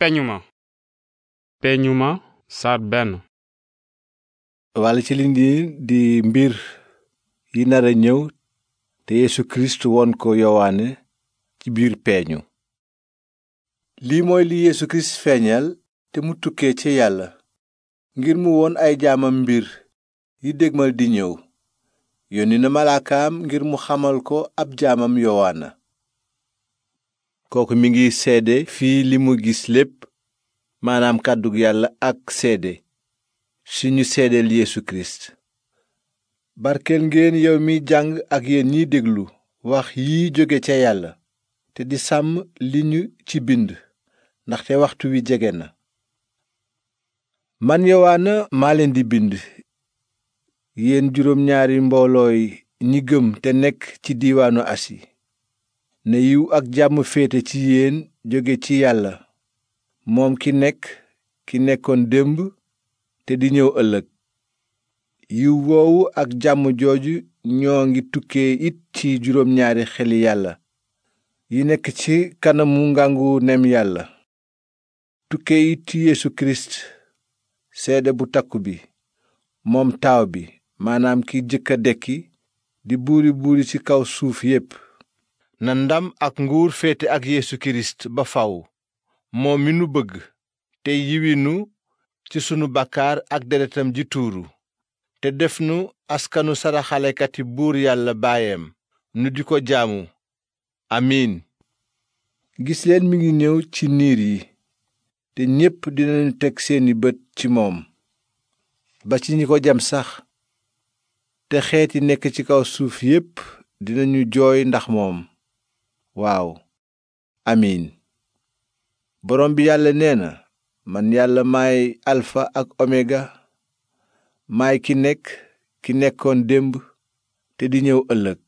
peñuma peñuma benn walla ci li di mbir yi nara ñëw te Yeesu Kirist won ko Yowaane ci biir peeñu lii mooy li Yeesu Kirist feeñal te mu tukkee ci yàlla ngir mu won ay jaamam mbir yi dégmal di ñëw yónni na malaakaam ngir mu xamal ko ab jaamam Yowaana kooku mi ngi seede fii li mu gis lépp maanaam kàddu yàlla ak seede si ñu seedeel Yeesu Kirist barkeel ngeen yow mi jàng ak yéen ñiy déglu wax yi jóge ca yàlla te di sàmm li ñu ci bind ndaxte waxtu wi jege na man yowaana maa leen di bind yéen juróom ñaari mboolooy ñi gëm te nekk ci diiwaanu asi ne yiw ak jàmm féete ci yéen jóge ci yàlla moom ki nekk ki nekkoon démb te di ñëw ëllëg yiw woowu ak jàmm jooju ñoo ngi tukkee it ci juróom ñaari xeli yàlla yi nekk ci kanamu ngangu nem yàlla tukkee it ci Yeesu Kirist seede bu takku bi moom taaw bi maanaam ki jëkk a dekki di buuri buuri ci kaw suuf yépp na ndam ak nguur féete ak Yeesu Kirist ba faw moom mi nu bëgg te yiwinu ci sunu bakkaar ak deretam ji tuuru te def nu askanu saraxalekati buur yàlla baayam nu di ko jaamu amiin gis leen mi ngi ñëw ci niir yi te ñépp dinañu teg seeni bët ci moom ba ci ñi ko jam sax te xeeti nekk ci kaw suuf yépp dinañu jooy ndax moom waaw amiin borom bi yàlla nee na man yàlla maay alfa ak omega maay ki nekk ki nekkoon démb te di ñëw ëllëg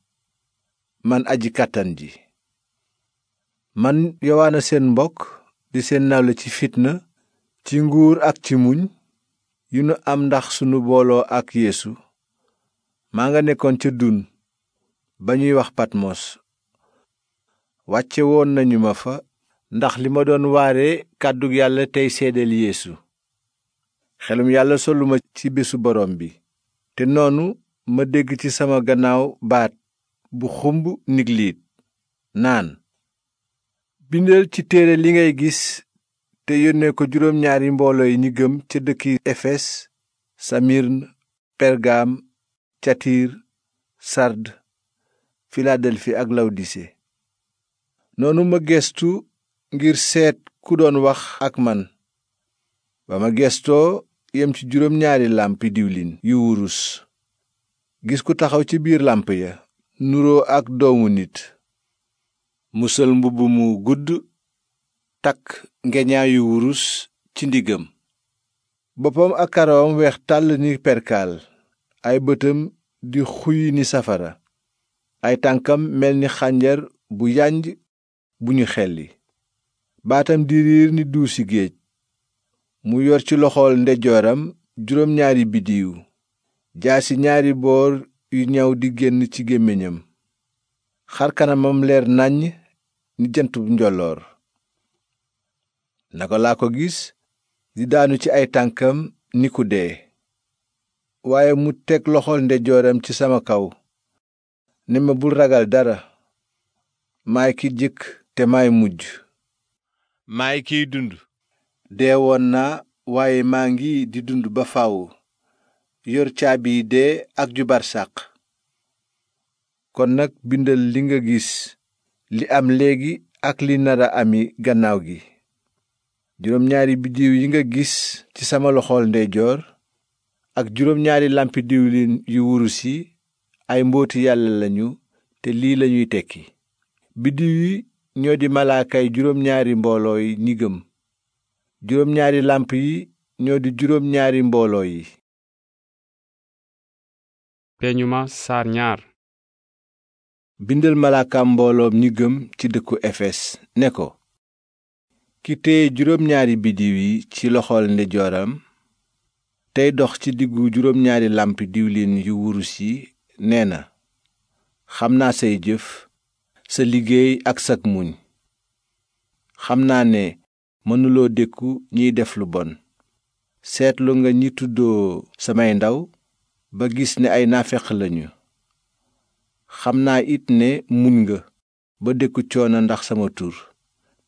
man aji kàttan ji man yowaana seen mbokk di seen nawle ci fitna ci nguur ak ci muñ yu nu am ndax sunu booloo ak yéesu maa nga nekkoon ca dun ba ñuy wax patmos wàcce woon nañu ma fa ndax li ma doon waare kàddu yàlla tey seedeel yéesu xelum yàlla soluma ci bésu borom bi te noonu ma dégg ci sama gannaaw baat bu xumb nigliit naan bindal ci téere li ngay gis te yónnee ko juróom ñaari mbooloo yi ñi gëm ca dëkk efes samirn pergaam catiir sard filadelfi ak lawdise noonu ma gestu ngir seet ku doon wax ak man ba ma gestoo yem ci juróom ñaari làmpi diwlin yu wurus gis ku taxaw ci biir làmp ya nuroo ak doomu nit mu mbubb mu gudd takk ngeñaa yu wurus ci ndiggam boppam ak karawam weex tàll ni perkaal ay bëtam di xuy ni safara ay tànkam mel ni xànjar bu yànj bu ñu xelli baatam di riir ni duusi géej mu yor ci loxool ndejooram juróom ñaari biddiw ci ñaari boor yu ñaw di génn ci gémmiñam xar kanamam leer nàññ ni jant bu njolloor naka laa ko gis di daanu ci ay tànkam ni ku dee waaye mu teg loxool ndejooram ci sama kaw ne ma bul ragal dara maay ki jëkk te maay mujj maay kiy dund deewoon naa waaye maa ngi di dund ba faw yor caabi yi dee ak ju barsàq kon nag bindal li nga gis li am léegi ak li nara ami gannaaw gi juróom ñaari biddiw yi nga gis ci sama loxool ndeyjoor ak juróom ñaari làmpi diwlin yu wurus yi ay mbooti yàlla lañu te lii lañuy tekki ñoo di malaakay juróom ñaari mbooloo yi ñi gëm juróom ñaari làmp yi ñoo di juróom ñaari mbooloo yi peñuma saar ñaar bindal malaakam mbooloom ñi gëm ci dëkku efes ne ko ki téye juróom ñaari biddiw yi ci loxol ndeyjooram tey dox ci diggu juróom ñaari làmp diwlin yu wurus yi nee na xam naa say jëf sa liggéey ak sag muñ xam naa ne mënuloo dékku ñiy def lu bon seetlu nga ñi tuddoo samay ndaw ba gis ne ay naafeq lañu xam naa it ne muñ nga ba dékku coono ndax sama tur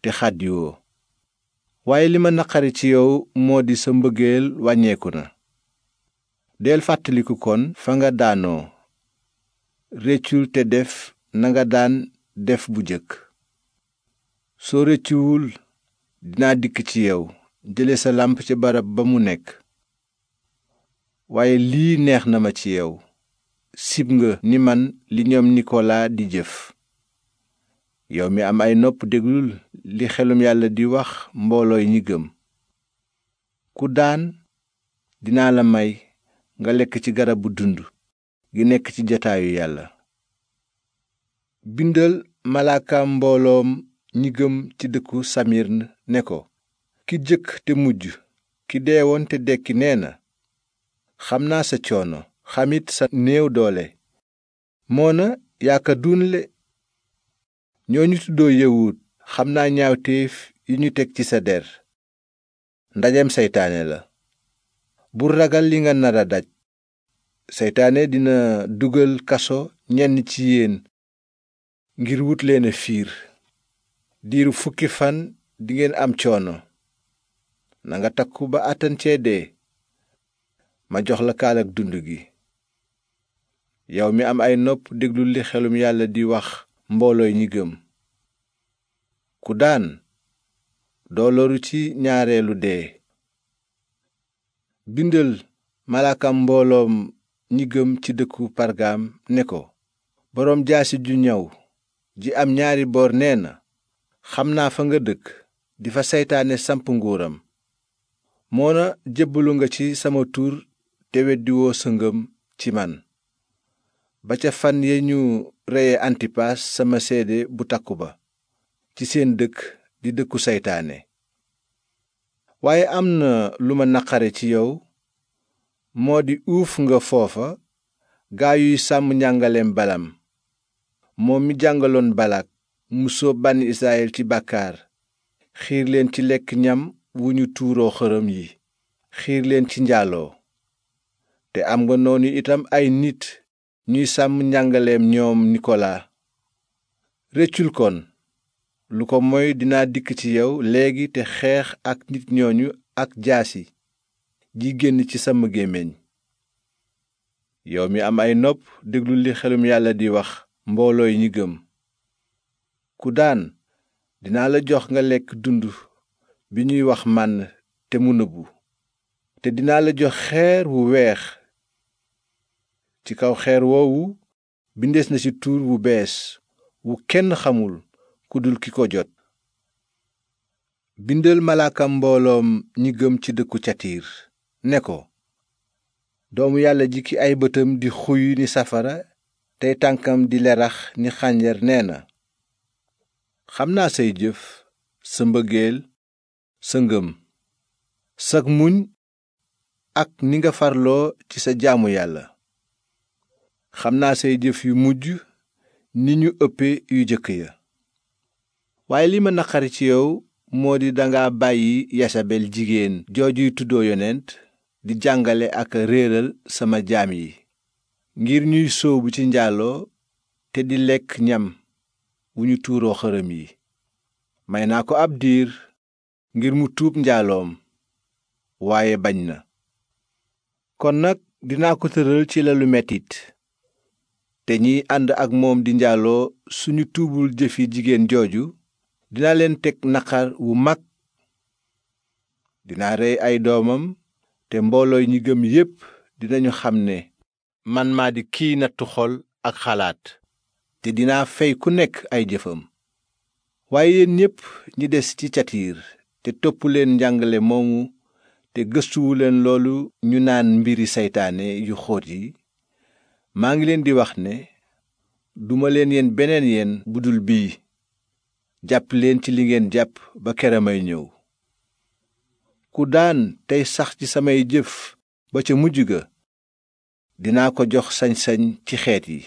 te xàddiwoo waaye li ma naqari ci yow moo di sa mbëggeel wàññeeku na del fàttaliku kon fa nga daanoo réccul te def na nga daan def bu jëkk soo rëccuwul dinaa dikk ci yow jële sa làmp ci barab ba mu nekk waaye lii neex na ma ci yow sib nga ni man li ñoom nikolaa di jëf yow mi am ay nopp déglul li xelum yàlla di wax mboolooy ñi gëm ku daan dinaa la may nga lekk ci garabu dund gi nekk ci jataayu yàlla malaakam mbooloom ñi gëm ci dëkku samirn ne ko ki jëkk te mujj ki deewoon te dekki nee na xam naa sa coono xamit sa néew doole moona yaa ka duunle ñoo ñu tuddoo yëwut xam naa ñaawteef yi ñu teg ci sa der ndajem seytaane la bul ragal li nga nar a daj seytaane dina dugal kaso ñenn ci yéen ngir wut leen fiir diiru fukki fan dingeen am coono nanga takku ba àttan cee dee ma jox la kaalag dund gi yow mi am ay nopp déglul li xelum yàlla di wax mboolooy ñi gëm ku daan doo loru ci ñaareelu dee bindal malaakam mbooloom ñi gëm ci dëkku pargaam ne ko boroom jaasi ju ñaw ji am ñaari boor nee na xam naa fa nga dëkk di fa seytaane samp nguuram moona jébbalu nga ci sama tur te weddiwoo sëngam ci man ba ca fan ya ñu reye antipas sama seede bu takku ba ci seen dëkk di dëkku seytaane waaye am na lu ma naqare ci yow moo di uuf nga foofa gaa yuy sàmm njàngaleem balam moom mi jàngaloon balaak mu sóob bànni israyil ci bàkkaar xiir leen ci lekk ñam wu ñu tuuroo xërëm yi xiir leen ci njaaloo te am nga noonu itam ay nit ñuy sàmm njàngaleem ñoom nikolaa rëccul kon lu ko moy dinaa dikk ci yow léegi te xeex ak nit ñooñu ak jaasi ji génn ci sama gémmiñ yow mi am ay nopp déglu li xelum yàlla di wax mboolooy ñi gëm ku daan dinaa la jox nga lekk dund bi ñuy wax mànn te mu nëbbu te dinaa la jox xeer wu weex ci kaw xeer woowu bindees na ci tuur wu bees wu kenn xamul ku dul ki ko jot bindal malaakam mbooloom ñi gëm ci dëkku catiir ne ko doomu yàlla ji ay bëtam di xuy ni safara tey tànkam di lerax ni xànjar nee na xam naa say jëf sa mbëggeel sa ngëm sag muñ ak ni nga farloo ci sa jaamu yàlla xam naa say jëf yu mujj ni ñu ëppe yu jëkk ya waaye li ma naqari ci yow moo di danga bàyyi yasabel jigéen joojuy tuddoo yonent di jàngale ak réeral sama jaam yi ngir ñuy sóobu ci njaaloo te di lekk ñam wu ñu tuuroo xërëm yi may naa ko ab diir ngir mu tuub njaaloom waaye bañ na kon nag dinaa ko tëral ci lalu metit te ñiy ànd ak moom di njaaloo suñu tuubul jëfi jigéen jooju dinaa leen teg naqar wu mag dinaa rey ay doomam te mboolooy ñi gëm yépp dinañu xam ne man maa di kiy nattu xol ak xalaat te dinaa fey ku nekk ay jëfam waaye yéen ñépp ñi des ci catiir te topp leen njàngale moomu te gëstuwu leen loolu ñu naan mbiri seytaane yu xoot yi maa ngi leen di wax ne duma leen yeen beneen yeen bu dul bii jàpp leen ci li ngeen jàpp ba keramay ñëw ku daan tey sax ci samay jëf ba ca mujj ga dinaa ko jox sañ-sañ ci xeet yi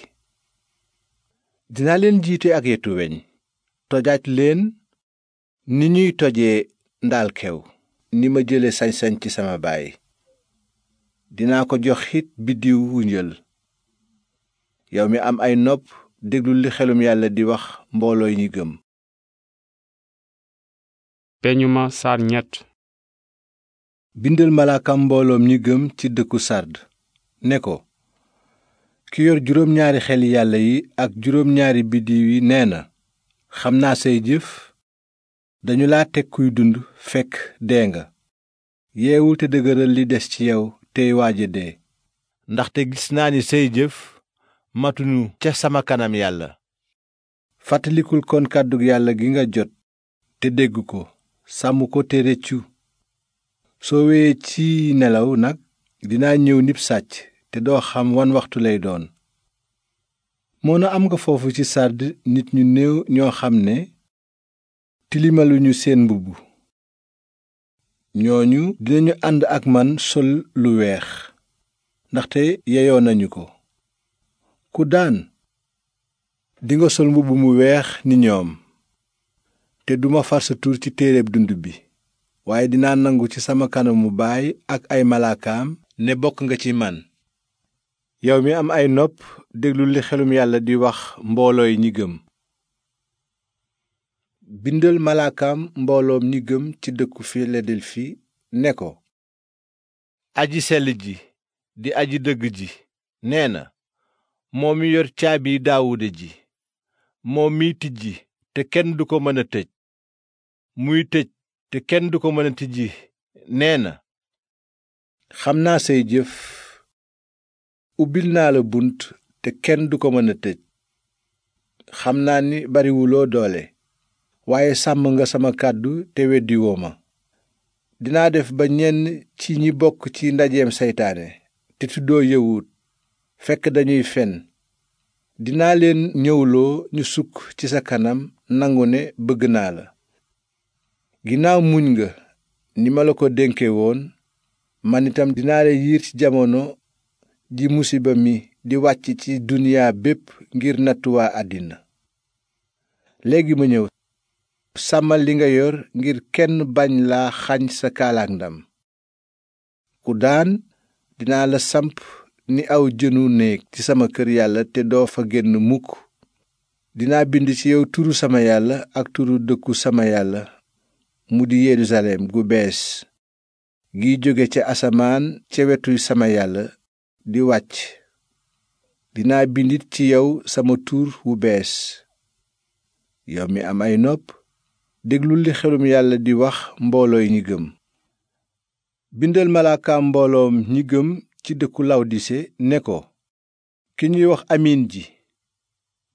dinaa leen jiite ak yetu weñ tojaaj leen ni ñuy toje ndaal kew ni ma jële sañ-sañ ci sama baay dinaa ko jox it biddiw wu yow mi am ay nopp déglu li xelum yàlla di wax mbooloo ñi gëm peñuma sar ñett bindal malaakam mbooloom ñi gëm ci dëkku sard ne ko ki yor juróom ñaari xel yàlla yi ak juróom ñaari biddiw yi nee na xam naa say jëf dañu la teg kuy dund fekk dee nga yeewul te dëgëral li des ci yow tey waaja dee ndaxte gis naa ni say jëf matuñu ca sama kanam yàlla fàttalikul kon kàddug yàlla gi nga jot te dégg ko sàmm ko te rëccu soo weyee ci nelaw nag dinaa ñëw nib sàcc te doo xam wan waxtu lay doon moona am nga foofu ci sàdd nit ñu néew ñoo xam ne tilimaluñu seen mbubb ñooñu dinañu ànd ak man sol lu weex ndaxte yeyoo nañu ko ku daan dinga sol mbubb mu weex ni ñoom te duma far ci téere dund bi waaye dinaa nangu ci sama kanamu baay ak ay malaakaam ne bokk nga ci man yow mi am ay nopp déglul li xelum yàlla di wax mboolooy ñi gëm bindal malaakaam mbooloom ñi gëm ci dëkku filadelfi ne ko aji sell ji di aji dëgg ji nee na moom yor caabi daawuda ji moom tijji te kenn du ko mën tëj muy tëj te kenn du ko mëna a tijji nee na xam naa say jëf ubbil naa la bunt te kenn du ko mën a tëj xam naa ni bariwuloo doole waaye sàmm nga sama kàddu te weddiwoo ma dinaa def ba ñenn ci ñi bokk ci ndajeem seytaane te tuddoo yëwut fekk dañuy fenn dinaa leen ñëwloo ñu sukk ci sa kanam nangu ne bëgg naa la ginnaaw muñ nga ni ma la ko dénke woon man itam dinaa la yiir ci jamono ji musiba mi di wàcc ci duniyaa bépp ngir nattu waa àddina léegi ma ñëw sàmmal li nga yor ngir kenn bañ laa xañ sa kaalaak ndam ku daan dinaa la samp ni aw jënu néeg ci sama kër yàlla te doo fa génn mukk dinaa bind ci yow turu sama yàlla ak turu dëkku sama yàlla mu di yerusalem gu bees giy jóge ca asamaan ca wetu sama yàlla di wàcc dinaa bindit ci yow sama tuur wu bees yow mi am ay nopp déglul li xelum yàlla di wax mboolooy ñi gëm bindal malaakaam mbooloom ñi gëm ci dëkku lawdise ne ko ki ñuy wax amin ji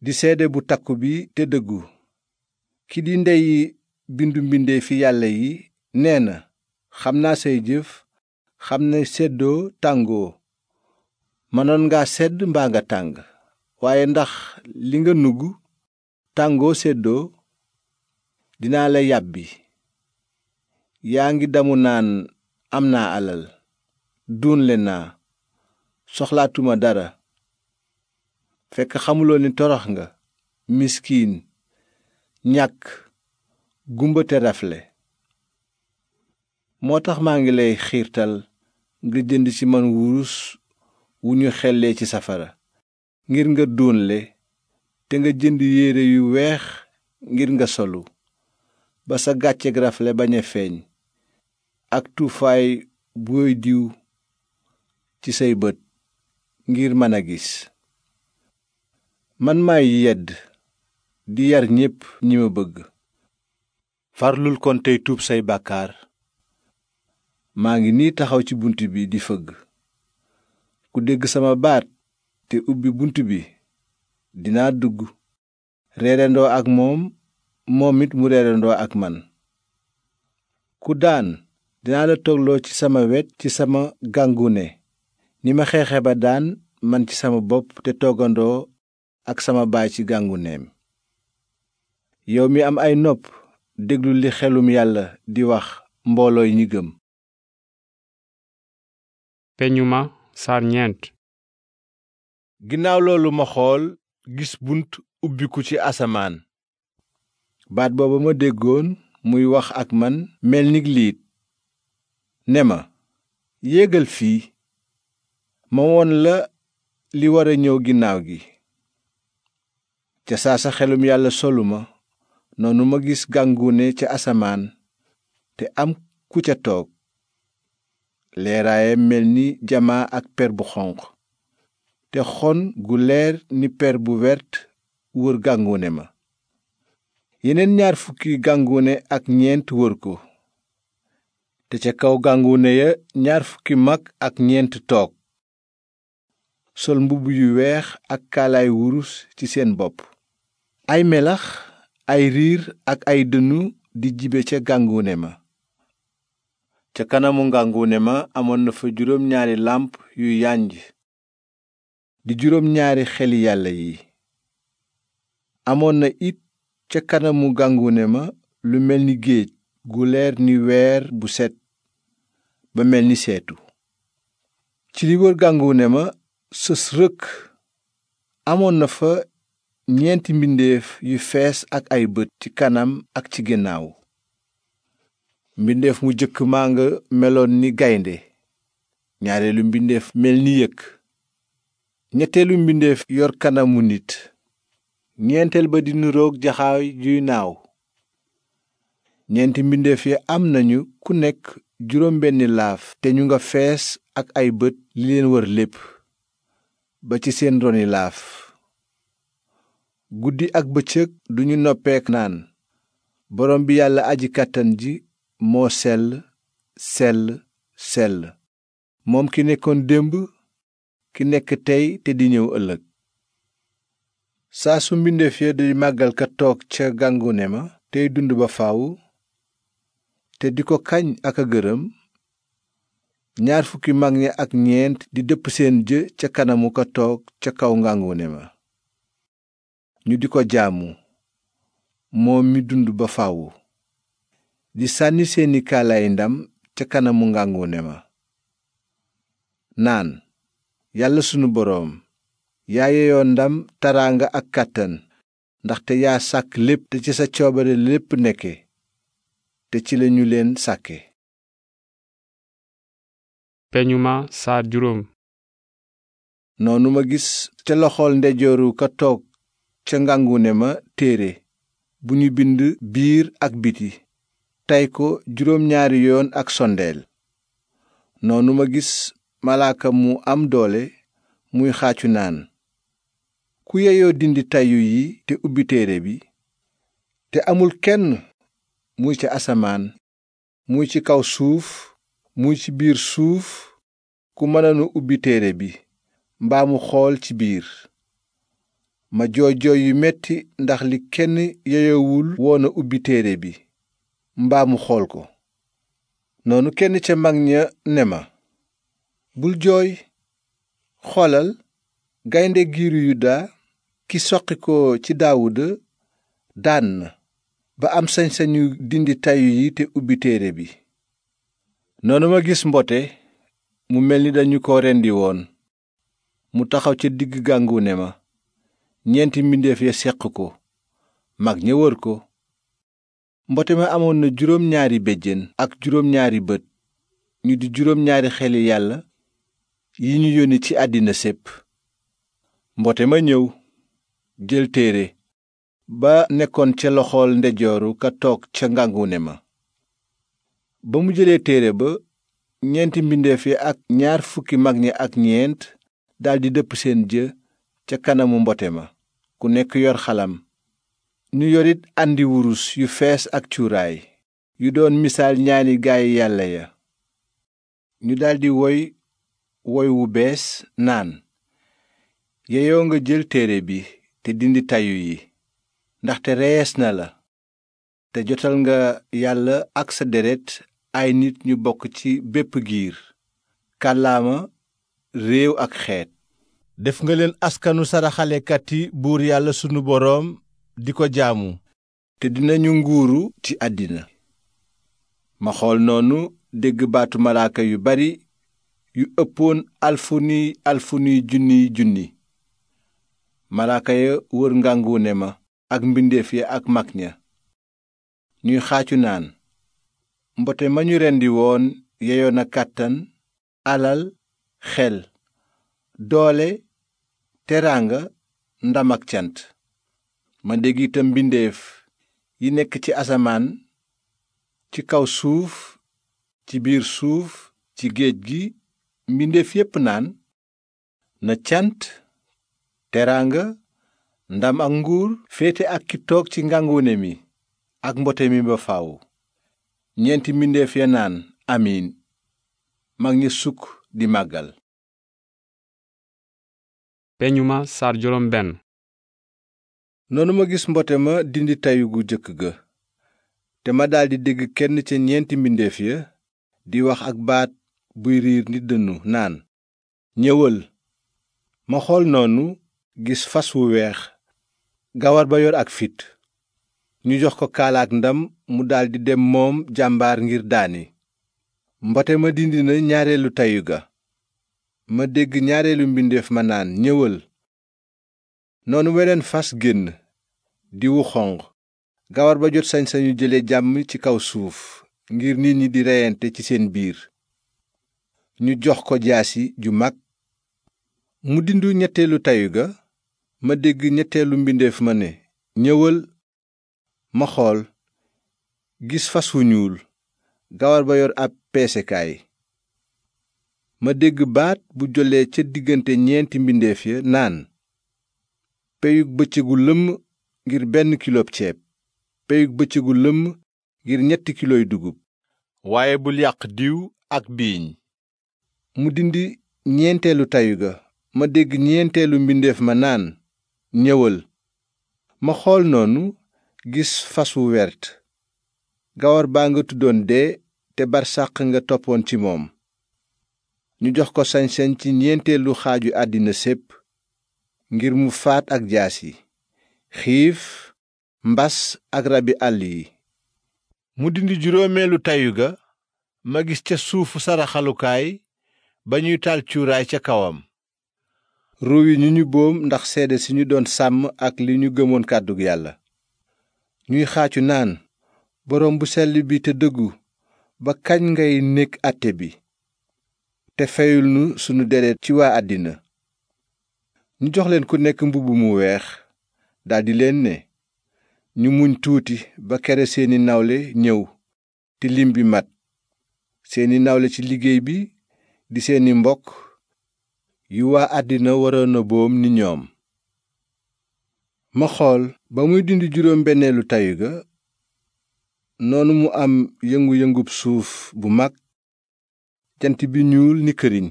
di seede bu takku bi te dëggu ki di ndey bindu mbindee fi yàlla yi nee na xam naa say jëf xam na seddoo tàngoo mënoon nga sedd mbaa nga tàng waaye ndax li nga nugg tàngoo seddoo dinaa la yàbbi yaa ngi damu naan am naa alal duunle naa soxlaatuma dara fekk xamuloo ni torox nga miskiin ñàkk gumba te rafle moo tax maa ngi lay xiirtal nga jënd ci man wurus wu ñu xellee ci safara ngir nga doonle te nga jënd yére yu weex ngir nga solu ba sa gàcceeg rafle bañ a feeñ ak tuufaay booy diw ci say bët ngir mën a gis man maay yedd di yar ñépp ñi ma bëgg farlul kon tey tuub say bàkkaar maa ngi nii taxaw ci bunt bi di fëgg ku dégg sama baat te ubbi bunt bi dina dugg reerandoo ak moom moom it mu reerandoo ak man ku daan dinaa la toogloo ci sama wet ci sama gàngune ni ma xeexe ba daan man ci sama bopp te toogandoo ak sama baay ci gànguneem yow mi am ay nopp déglu li xelum yàlla di wax mboolooy ñi gëm saar ñeent ginnaaw loolu ma xool gis bunt ubbiku ci asamaan baat booba ma déggoon muy wax ak man mel ni liit ne ma yéegal fii ma woon la li war a ñëw ginnaaw gi ca saa sa xelum yàlla solu ma noonu ma gis gàngune ca asamaan te am ku ca toog leeraayam mel ni jamaa ak per bu xonq te xon gu leer ni per bu wert wër gàngune ma yeneen ñaar fukki gàngune ak ñeent wër ko te ca kaw gàngune ya ñaar fukki mag ak ñeent toog sol mbubb yu weex ak kaalaay wurus ci seen bopp ay melax ay riir ak ay dënnu di jibe ca gàngune ma ca kanamu ngànguune ma amoon na fa juróom ñaari làmp yu yànj di juróom ñaari xeli yàlla yi amoon na it ca kanamu ngànguune ma lu mel ni géej gu leer ni weer bu set ba mel ni seetu ci li wër ngànguune ma sës rëkk amoon na fa ñeenti mbindeef yu fees ak ay bët ci kanam ak ci ginnaaw mbindeef mu jëkk maa nga meloon ni gaynde ñaareelu mbindeef mel ni yëkk ñetteelu mbindeef yor kanamu nit ñeenteel ba di nuroog jaxaay juy naaw ñeenti mbindeef yi am nañu ku nekk juróom benni laaf te ñu nga fees ak ay bët li leen wër lépp ba ci seen roni laaf guddi ak bëccëg duñu noppeek naan borom bi yàlla aji kàttan ji moo sell sell moom ki nekkoon démb ki nekk tey te di ñëw ëllëg saa su mbindeef ya di màggal ka toog ca gàngune ma tey dund ba faw te di ko kañ ak a gërëm ñaar fukki mag ña ak ñeent di dëpp seen jë ca kanamu ka toog ca kaw ngàngune ma ñu di ko jaamu moom mi dund ba faaw di sànni seeni kaalaay ndam ca kanamu ngàngune ma naan yàlla sunu boroom yaa yeyoo ndam taraanga ak kàttan ndaxte yaa sàkk lépp te ci sa coobare lépp nekke te ci lañu leen sàkke peñuma saa juróom noonu ma gis ca loxool ndejooru ko toog ca ngàngune ma téere bu ñu bind biir ak biti tey ko juróom ñaari yoon ak sondeel noonu ma gis malaaka mu am doole muy xàccu naan ku yeyoo dindi tayu yi te ubbi téere bi te amul kenn muy ci asamaan muy ci kaw suuf muy ci biir suuf ku mënanu ubbi téere bi mbaamu xool ci biir ma jooy jooy yu metti ndax li kenn yeyowul woona a ubbi téere bi mbaamu xool ko noonu kenn ca mag ña ne ma bul jooy xoolal gaynde giiru yuda ki soqi ko ci daawuda daan na ba am sañ-sañu dindi tayu yi te ubbi téere bi noonu ma gis mbote mu mel ni dañu ko rendi woon mu taxaw ca digg gàngu ma ñeenti mbindeef ya seq ko mag ña wër ko mbote ma amoon na juróom ñaari béjjén ak juróom ñaari bët ñu di juróom ñaari xeli yàlla yi ñu yónni ci àddina sépp mbote ma ñëw jël téere ba nekkoon ca loxool ndejooru ka toog ca ngàngune ma ba mu jëlee téere ba ñeenti mbindeef yi ak ñaar fukki mag ñi ak ñeent daldi dëpp seen jë ca kanamu mbote ma ku nekk yor xalam ñu yorit àndi wurus yu fees ak cuuraay yu doon misaal ñaani gaay yàlla ya ñu daldi woy woy wu bees naan yeyoo nga jël téere bi te dindi tayu yi ndaxte rees na la te jotal nga yàlla ak sa deret ay nit ñu bokk ci bépp giir kàllaama réew ak xeet def nga leen askanu saraxalekat buur yàlla sunu boroom di ko jaamu te dinañu nguuru ci àddina ma xool noonu dégg baatu malaaka yu bari yu ëppoon alfuni alfuni junniy junni malaaka ya wër ma ak mbindeef ya ak mag ña ñuy xaacu naan mbote ma ñu rendi woon yeyoon na kàttan alal xel doole teraanga ndam ak cant ma dégg itam mbindeef yi nekk ci asamaan ci kaw suuf ci biir suuf ci géej gi mbindeef yépp naan na cant teraanga ndam ak nguur féete ak ki toog ci ngàngune mi ak mbote mi ba faw ñeenti mbindeef ya naan amiin mag ñi sukk di màggal peñuma saar noonu ma gis mbote ma dindi tayu gu jëkk ga te ma daldi dégg kenn ca ñeenti mbindeef ya di wax ak baat buy riir ni dënnu naan ñëwal ma xool noonu gis fas wu weex gawar ba yor ak fit ñu jox ko kaalaak ndam mu daldi dem moom jàmbaar ngir daani mbote ma dindi na ñaareelu tayu ga ma dégg ñaareelu mbindeef ma naan ñëwal noonu weneen fas génn diwu xonq gawar ba jot sañ-sañu jële jàmm ci kaw suuf ngir nit ñi di reyante ci seen biir ñu jox ko jaasi ju mag mu dindu ñetteelu tayu ga ma dégg ñetteelu mbindeef ma ne ñëwal ma xool gis fas wu ñuul gawar ba yor ab peesekaay ma dégg baat bu jollee ca diggante ñeenti mbindeef ya naan peyug bëccëgu lëmm ngir benn kiloob ceeb peyug bëccëgu lëmm ngir ñetti kiloy dugub waaye bul yàq diw ak biiñ mu dindi ñeenteelu tayu ga ma dégg ñeenteelu mbindeef ma naan ñëwal ma xool noonu gis fas wu wert gawar baa nga tuddoon dee te barsàq nga toppoon ci moom ñu jox ko sañ ci ñeenteelu xaaju àddina sépp ngir mu faat ak jaas yi xiif mbas ak rabi àll yi mu dindi juróomeelu tayu ga ma gis ca suufu saraxalukaay ba ñuy taal cuuraay ca kawam ruu yi ñu ñu boom ndax seede si ñu doon sàmm ak li ñu gëmoon kàddu yàlla ñuy xaacu naan boroom bu sell bi te dëggu ba kañ ngay nekk àtte bi te feyul nu sunu deret ci waa àddina ñu jox leen ku nekk mbubb mu weex daldi leen ne ñu muñ tuuti ba kere seeni nawle ñëw te lim bi mat seeni nawle ci liggéey bi di seeni mbokk yu waa àddina waroon na boom ni ñoom ma xool ba muy dindi juróom benneelu tayu ga noonu mu am yëngu yëngu suuf bu mag jant bi ñuul ni këriñ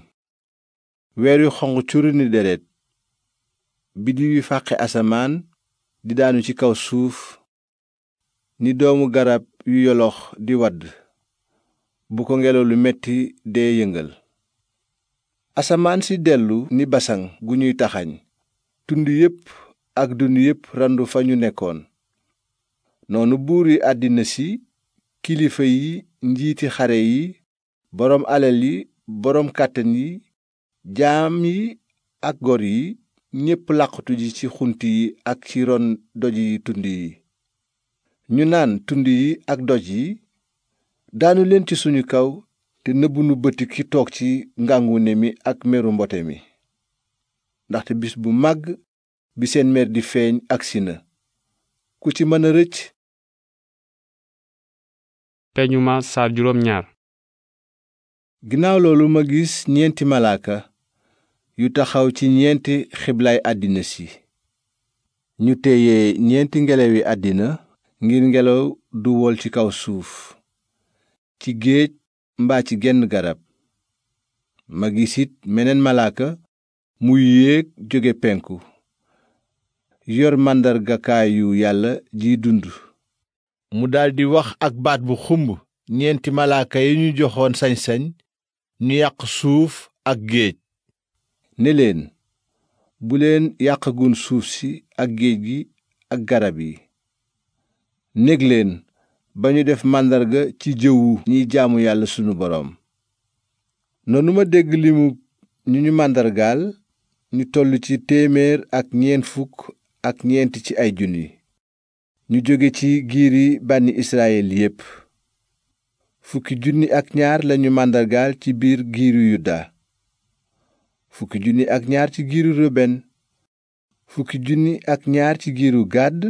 weer yu xonq curu ni deret biddiw yu fàqe asamaan di daanu ci kaw suuf ni doomu garab yu yolox di wadd bu ko ngelaw lu metti dee yëngal asamaan si dellu ni basaŋ gu ñuy taxañ tund yépp ak dund yépp randu fa ñu nekkoon noonu buur yi àddina si kilifa yi njiiti xare yi boroom alal yi boroom kàttan yi jaam yi ak gor yi ñépp làqutu ji ci xunt yi ak ci ron doj yi tund yi ñu naan tund yi ak doj yi daanu leen ci suñu kaw te nëbbu nu bëti ki toog ci ngàngu mi ak meru mbote mi ndaxte bis bu màgg bi seen mer di feeñ agsi na ku ci mën a rëcc peñu ma ma gis ñeenti malaaka yu taxaw ci ñeenti xiblaay àddina si ñu téye ñeenti ngelawi àddina ngir ngelaw du wol ci kaw suuf ci géej mbaa ci genn garab ma gis it meneen malaaka muy yéeg jóge penku yor màndargakaayu yàlla jiy dund mu daldi wax ak baat bu xumb ñeenti malaaka yi ñu joxoon sañ-sañ ñu yàq suuf ak géej ne leen bu leen yàqagun suuf si ak géej gi ak garab yi nég leen ba ñu def màndarga ci jëwu ñiy jaamu yàlla sunu boroom noonu ma dégg limu ñu ñu màndargaal ñu toll ci téeméer ak ñeent fukk ak ñeent ci ay junni ñu jóge ci giir yi bànni israyil yépp fukki junni ak ñaar lañu màndargaal ci biir giiru yuda fukki junni ak ñaar ci giiru ruben fukki junni ak ñaar ci giiru gàdd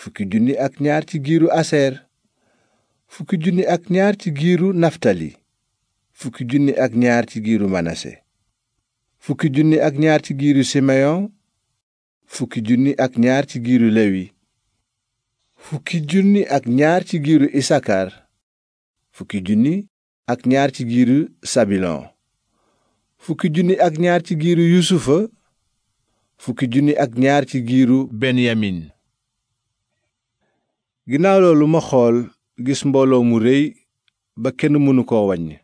fukki junni ak ñaar ci giiru aseer fukki junni ak ñaar ci giiru naftali fukki junni ak ñaar ci giiru manase fukki junni ak ñaar ci giiru simeyon fukki junni ak ñaar ci giiru lewi fukki junni ak ñaar ci giiru isakar fukki junni ak ñaar ci giiru sabilon fukki junni ak ñaar ci fukki junni ak ñaar ci giiru benyamin ginnaaw loolu ma xool gis mbooloo mu réy ba kenn mënu ko waññ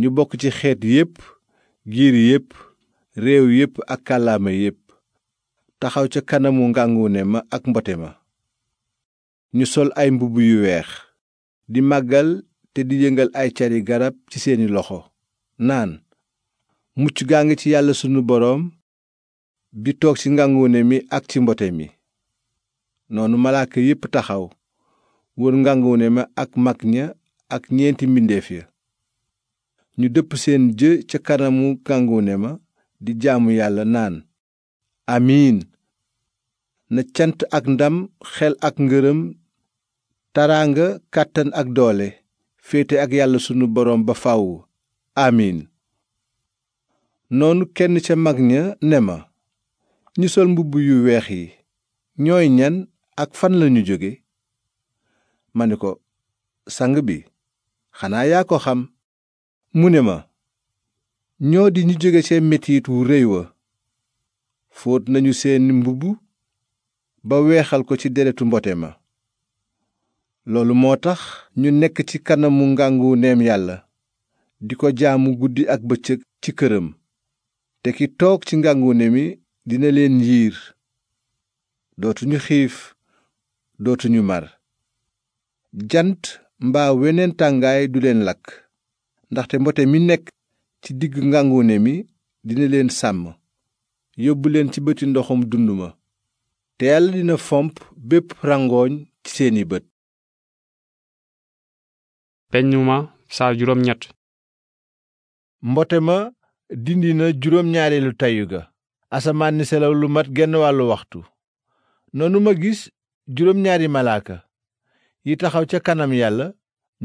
ñu bokk ci xeet yépp giir yépp réew yépp ak kàllaama yépp taxaw ca kanamu ngàngune ma ak mbote ma ñu sol ay mbubb yu weex di màggal te di yëngal ay cari garab ci seeni loxo naan mucc gaa ngi ci yàlla sunu boroom bi toog ci ngànguune mi ak ci mbote mi noonu malaaka yépp taxaw wër ngànguune ma ak mag ña ak ñeenti mbindeef ya ñu dëpp seen jë ca kanamu ngànguune ma di jaamu yàlla naan amiin na cant ak ndam xel ak ngërëm taraanga kàttan ak doole féete ak yàlla sunu borom ba faw amiin noonu kenn ca mag ña ne ma ñu sol mbubb yu weex yi ñooy ñan ak fan lañu jóge ma ni ko sang bi xanaa yaa ko xam mu ne ma ñoo di ñu jóge ca metit wu rëy wa fóot nañu seeni mbubb ba weexal ko ci deretu mbote ma loolu moo tax ñu nekk ci kanamu ngàngu neem yàlla di ko jaamu guddi ak bëccëg ci këram te ki toog ci ngàngune mi dina leen yiir dootuñu xiif dootuñu mar jant mbaa weneen tàngaay du leen lakk ndaxte mbote mi nekk ci digg ngàngune mi dina leen sàmm yóbbu leen ci bëti ndoxum dund ma te yàlla dina fomp bépp rangooñ ci seeni bët peñu ma ma dindi na juróom ñaareelu tayu ga asamaan ni selaw lu mat genn wàllu waxtu noonu ma gis juróom ñaari malaaka yi taxaw ca kanam yàlla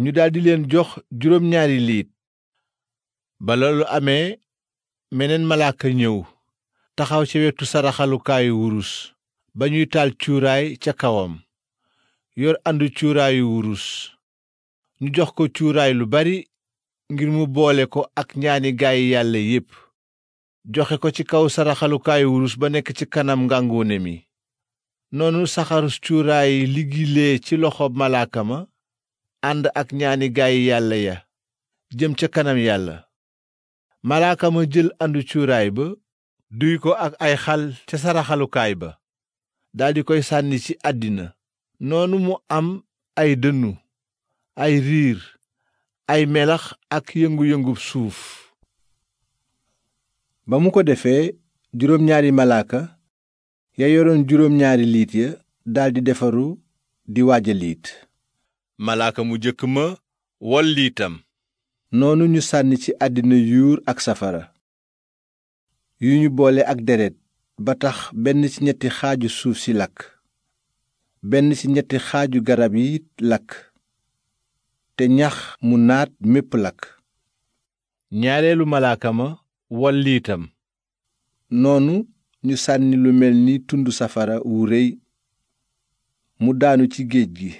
ñu daldi leen jox juróom ñaari liit ba loolu amee meneen malaaka ñëw taxaw ca wetu saraxalukaayu wurus ba ñuy taal cuuraay ca kawam yor àndu cuuraayu wurus ñu jox ko cuuraay lu bari ngir mu boole ko ak ñaani gaay yàlla yépp joxe ko ci kaw saraxalukaay wurus ba nekk ci kanam ngànguune mi noonu saxarus cuuraay li ci loxo malaaka ma ànd ak ñaani gaay yàlla ya jëm ca kanam yàlla malaaka ma jël àndu cuuraay ba duy ko ak ay xal ca saraxalukaay ba daldi koy sànni ci àddina noonu mu am ay dënnu ay riir ay melax ak yëngu-yëngu suuf ba mu ko defee juróom ñaari malaaka ya yoroon juróom ñaari liit ya daldi defaru di waaja liit malaaka mu jëkk ma wol liitam noonu ñu sànni ci àddina yuur ak safara yu ñu boole ak deret ba tax benn ci ñetti xaaju suuf si lakk benn ci ñetti xaaju garab yi lakk te ñax mu naat mépp lakk ñaareelu malaaka ma wolli noonu ñu sànni lu mel ni tund safara wu rëy mu daanu ci géej gi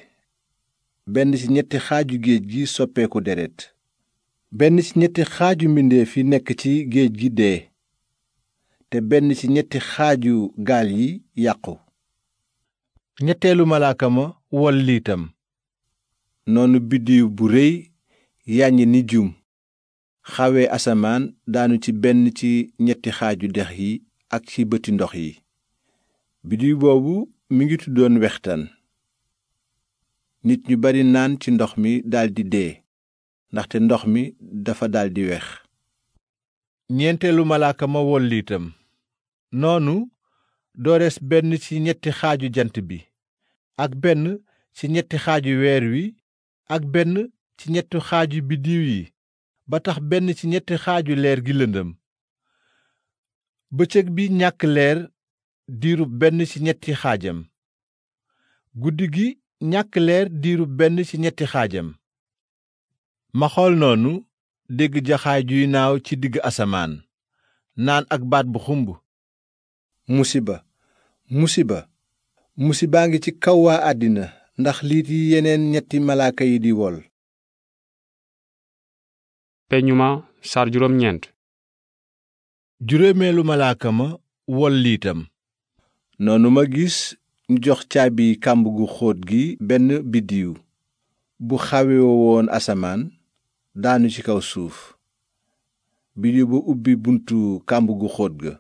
benn ci ñetti xaaju géej gi soppeeku deret benn ci ñetti xaaju mbindeef yi nekk ci géej gi dee te benn ci ñetti xaaju gaal yi yàqu ñetteelu malaaka ma wolli noonu biddiw bu réy yàññ ni jum xawee asamaan daanu ci benn ci ñetti xaaju dex yi ak ci bëti ndox yi biddiw boobu mu ngi tuddoon wextan nit ñu bari naan ci ndox mi daldi dee ndaxte ndox mi dafa daldi wex ñeenteelu malaaka ma wolli noonu doorees benn ci ñetti xaaju jant bi ak benn ci ñetti xaaju weer wi ak benn ci ñetti xaaju biddiw yi ba tax benn ci ñetti xaaju leer gi lëndëm bëccëg bi ñàkk leer diiru benn ci ñetti xaajam guddi gi ñàkk leer diiru benn ci ñetti xaajam ma xool noonu dégg jaxaay juy naaw ci digg asamaan naan ak baat bu xumb musiba musiba musibaa ngi ci kaw waa àddina ndax liit yi yeneen ñetti malaaka yi di wol peñuma juróomeelu malaaka ma wol liitam noonu ma gis ñu jox caabi kàmb gu xóot gi benn biddiw bu xawe woon asamaan daanu ci kaw suuf biddiw ba ubbi buntu kàmb gu xóot ga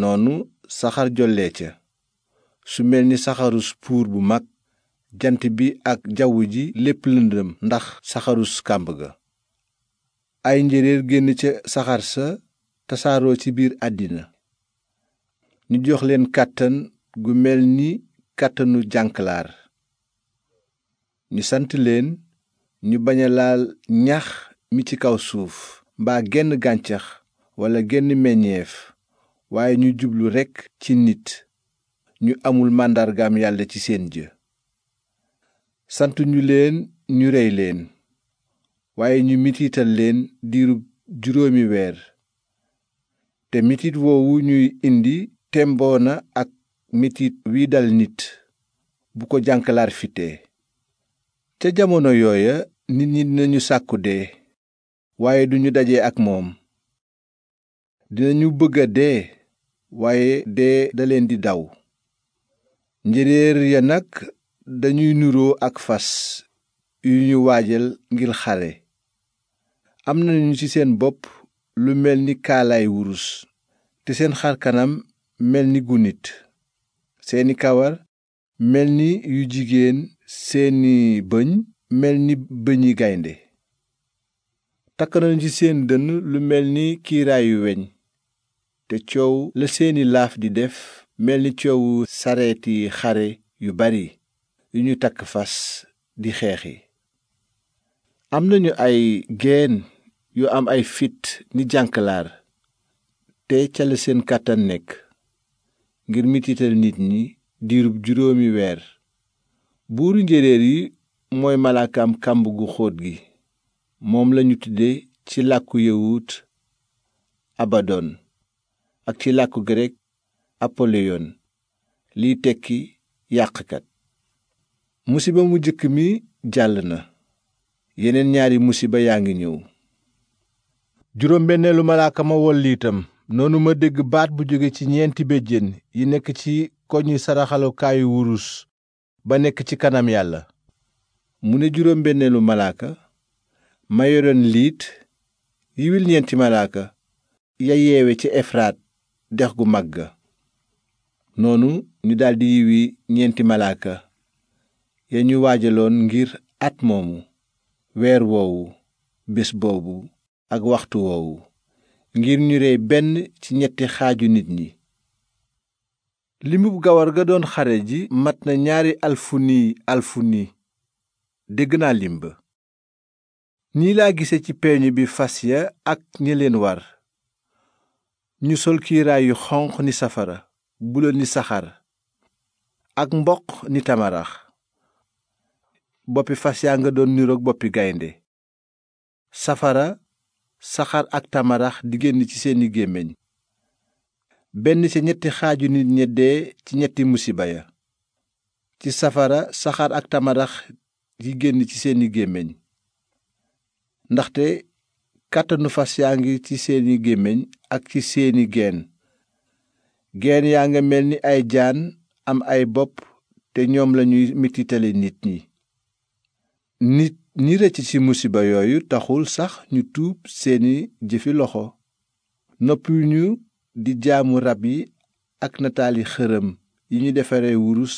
noonu saxar jolle ca su mel ni saxarus puur bu mag jant bi ak jawwu ji lépp lëndëm ndax saxarus kàmb ga ay njéréer génn ca saxar sa tasaaroo ci biir àddina ñu jox leen kàttan gu mel ni kàttanu jànklaar ñu sant leen ñu bañ a laal ñax mi ci kaw suuf mbaa genn gàncax walla genn meññeef waaye ñu jublu rekk ci nit ñu amul màndargaam yàlla ci seen jë leen ñu rey leen waaye ñu mitiital leen diirub juróomi weer te mitit woowu ñuy indi temboona ak mitit wi dal nit bu ko jànkalaar fite ca jamono yooya nit ñi dinañu sàkku dee waaye duñu daje ak moom dinañu bëgg a dee waaye dee da leen di daw njéeréer ya nag dañuy nuroo ak fas yu ñu waajal ngir xare am nañu ci seen bopp lu mel ni kaalaay wurus te seen xarkanam mel ni gunit seeni kawar mel ni yu jigéen seeni bëñ mel ni bëñi gaynde takk nañu ci seen dënn lu mel ni kiiraayu weñ te coow la seeni laaf di def mel ni coowu sareeti xare yu bari yu ñu takk fas di xeexi am nañu ay geen yu am ay fit ni jànklaar te ca la seen kàttan nekk ngir mitital nit ñi diirub juróomi weer buur njéréer yi mooy malaakam kàmb gu xóot gi moom lañu tudde ci làkku yawut abaddon ak ci làkku grek apoloyon lii tekki yàqkat musiba mu jëkk mi jàll na yeneen ñaari musiba yaa ngi ñëw juróom benneelu malaaka ma wol liitam noonu ma dégg baat bu jóge ci ñeenti béjjén yi nekk ci koñi saraxalukaayu wurus ba nekk ci kanam yàlla mu ne juróom benneelu malaaka ma yoroon liit yiwil ñeenti malaaka ya yeewe ci efraat dex gu mag ga noonu ñu daldi yiwi ñeenti malaaka ya ñu waajaloon ngir at moomu weer woowu bés boobu ak waxtu woowu ngir ñu rey benn ci ñetti xaaju nit ñi limub gawar ga doon xare ji mat na ñaari alfuni alfuni dégg naa lim ba nii laa gise ci peeñu bi fas ya ak ñi leen war ñu sol kiiraay yu xonq ni safara bula ni saxaar ak mboq ni tamarax boppi fas yaa nga doon niroog boppi gaynde safara saxaar ak tamarax di génn ci seeni gémmiñ benn ci ñetti xaaju nit ña ci ñetti musiba ya ci safara saxaar ak tamarax di génn ci seeni gémmiñ ndaxte kàttanu fas yaa ngi ci seeni gémmiñ ak ci seeni geen geen yaa ngi mel ni ay jaan am ay bopp te ñoom lañuy mettitale nit ñi nit ñi rëcc ci musiba yooyu taxul sax ñu tuub seeni jëfi loxo noppiwuñu di jaamu rab yi ak nataali xërëm yi ñu defare wurus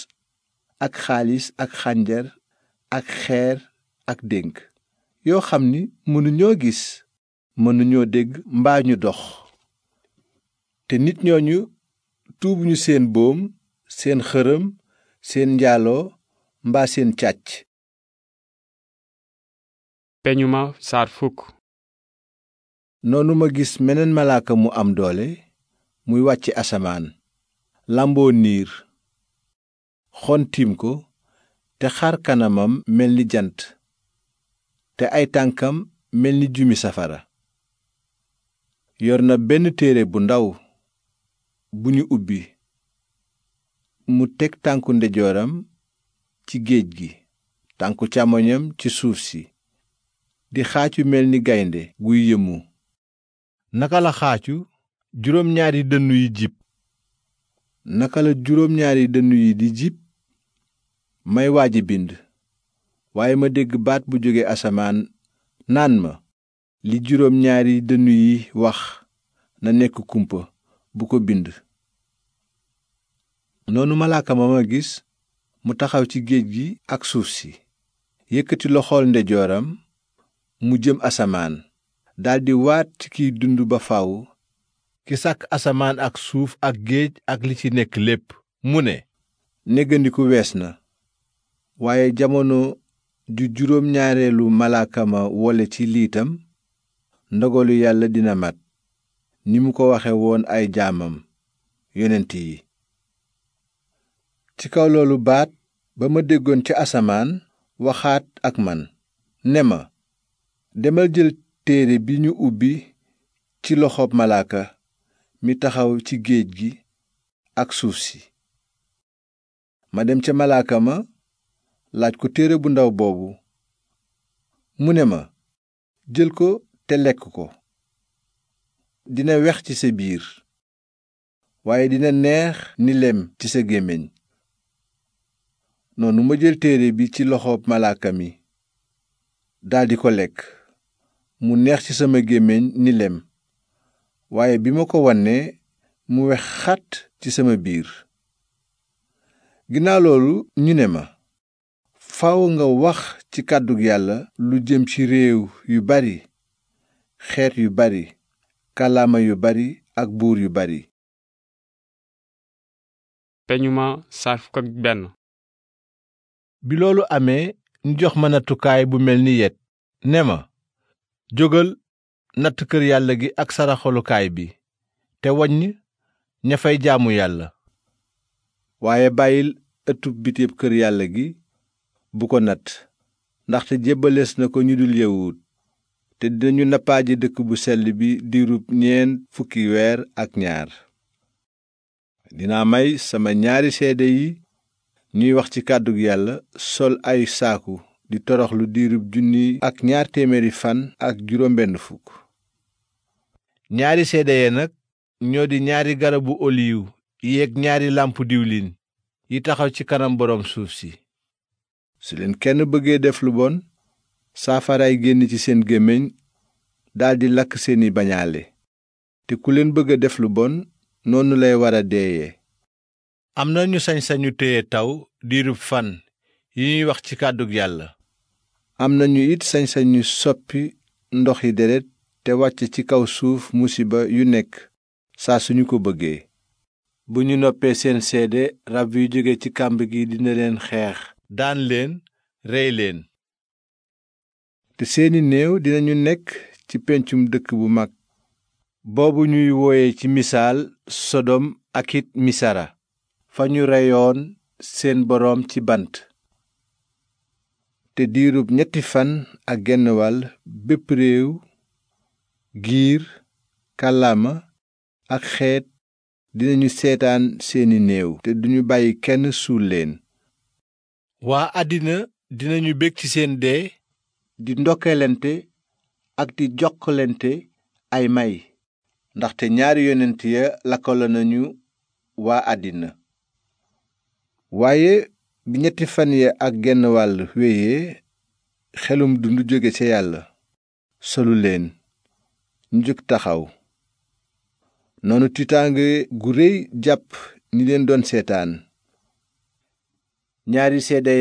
ak xaalis ak xànjar ak xeer ak dénk yoo xam ni mënuñoo gis mënuñoo dégg mbaa ñu dox te nit ñooñu tuubuñu seen boom seen xërëm seen njaaloo mbaa seen càcc peñuma saar fukk noonu ma gis meneen malaaka mu am doole muy wàcc asamaan làmboo niir xon ko te xar kanamam mel ni jant te ay tànkam mel ni jumi safara yor na benn téere bu ndaw bu ñu ubbi mu teg tànku ndeyjooram ci géej gi tànku càmmoñam ci suuf si di xaacu mel ni gaynde guy yëmu naka la xaacu juróom ñaari dënnu yi jib naka la juróom ñaari dënnu yi di jib may waaj a bind waaye ma dégg baat bu jóge asamaan naan ma li juróom ñaari dënnu yi wax na nekk kumpa bu ko bind noonu malaaka ma gis mu taxaw ci géej gi ak suuf si yëkkati loxool ndejooram mu jëm asamaan daldi waat ci kiy dund ba faw ki sàkk asamaan ak suuf ak géej ak li ci nekk lépp mu ne néggandiku wees na waaye jamono ju juróom ñaareelu malaaka wole ci liitam ndogolu yàlla dina mat ni mu ko waxe woon ay jaamam yonent yi ci kaw loolu baat ba ma déggoon ca asamaan waxaat ak man ne ma demal jël téere bi ñu ubbi ci loxoob malaaka mi taxaw ci géej gi ak suuf si ma dem ca malaaka ma laaj ko téere bu ndaw boobu mu ne ma jël ko te lekk ko dina wex ci biir waaye dina neex ni lem ci sa gémmiñ noonu ma jël téere bi ci loxoob malaaka mi daldi ko lekk mu neex ci sama gémmiñ ni lem waaye bi ma ko wannee mu wex xat ci sama biir ginnaaw loolu ñu ne ma faw nga wax ci kàddu yàlla lu jëm ci réew yu bari xeet yu bari kàllaama yu bari ak buur yu bari peñuma benn bi loolu amee ñu jox ma nattukaay bu mel ni yet ne ma jógal natt kër yàlla gi ak saraxalukaay bi te waññ ña fay jaamu yàlla waaye bàyyil ëttub bitéeb kër yàlla gi bu ko natt ndaxte jébbalees na ko ñu dul yawut te dañu nappaaje dëkk bu sell bi diirub ñeent fukki weer ak ñaar dinaa may sama ñaari seede yi ñuy wax ci kàddu yàlla sol ay saaku di toroxlu diirub junni ak ñaar téeméeri fan ak juróom benn ñaari seede ya nag ñoo di ñaari garabu oliw yeeg ñaari làmp diwlin yi taxaw ci kanam boroom suuf si su leen kenn bëggee def lu bon saafaraay génn ci seen gémmiñ daldi lakk seeni bañaale te ku leen bëgg a def lu bon noonu lay war a deeyee am nañu sañ-sañu téye taw diirub fan yi ñuy wax ci kàddug yàlla am na ñu it sañ-sañu soppi ndox yi deret te wàcc ci kaw suuf musiba yu nekk saa suñu ko bëggee bu ñu noppee seen seede rab yu jóge ci kàmb gi dina leen xeex daan leen rey leen te seeni néew dinañu nekk ci pencum dëkk bu mag boobu ñuy wooye ci misaal sodom ak it misara fa ñu reyoon seen boroom ci bant te diirub ñetti fan ak genn wàll bépp réew giir kàllaama ak xeet dinañu seetaan seeni néew te duñu bàyyi kenn suul leen waa àddina dinañu bég ci seen dee di ndokkeelante ak di jokkalante ay may ndaxte ñaari yonent ya lakkale nañu waa àddina waaye bi ñetti fan ya ak genn wàll wéyee xelum dund jóge ca yàlla solu leen ñu jóg taxaw noonu tiitaange gu réy jàpp ñi leen doon seetaan ñaari seede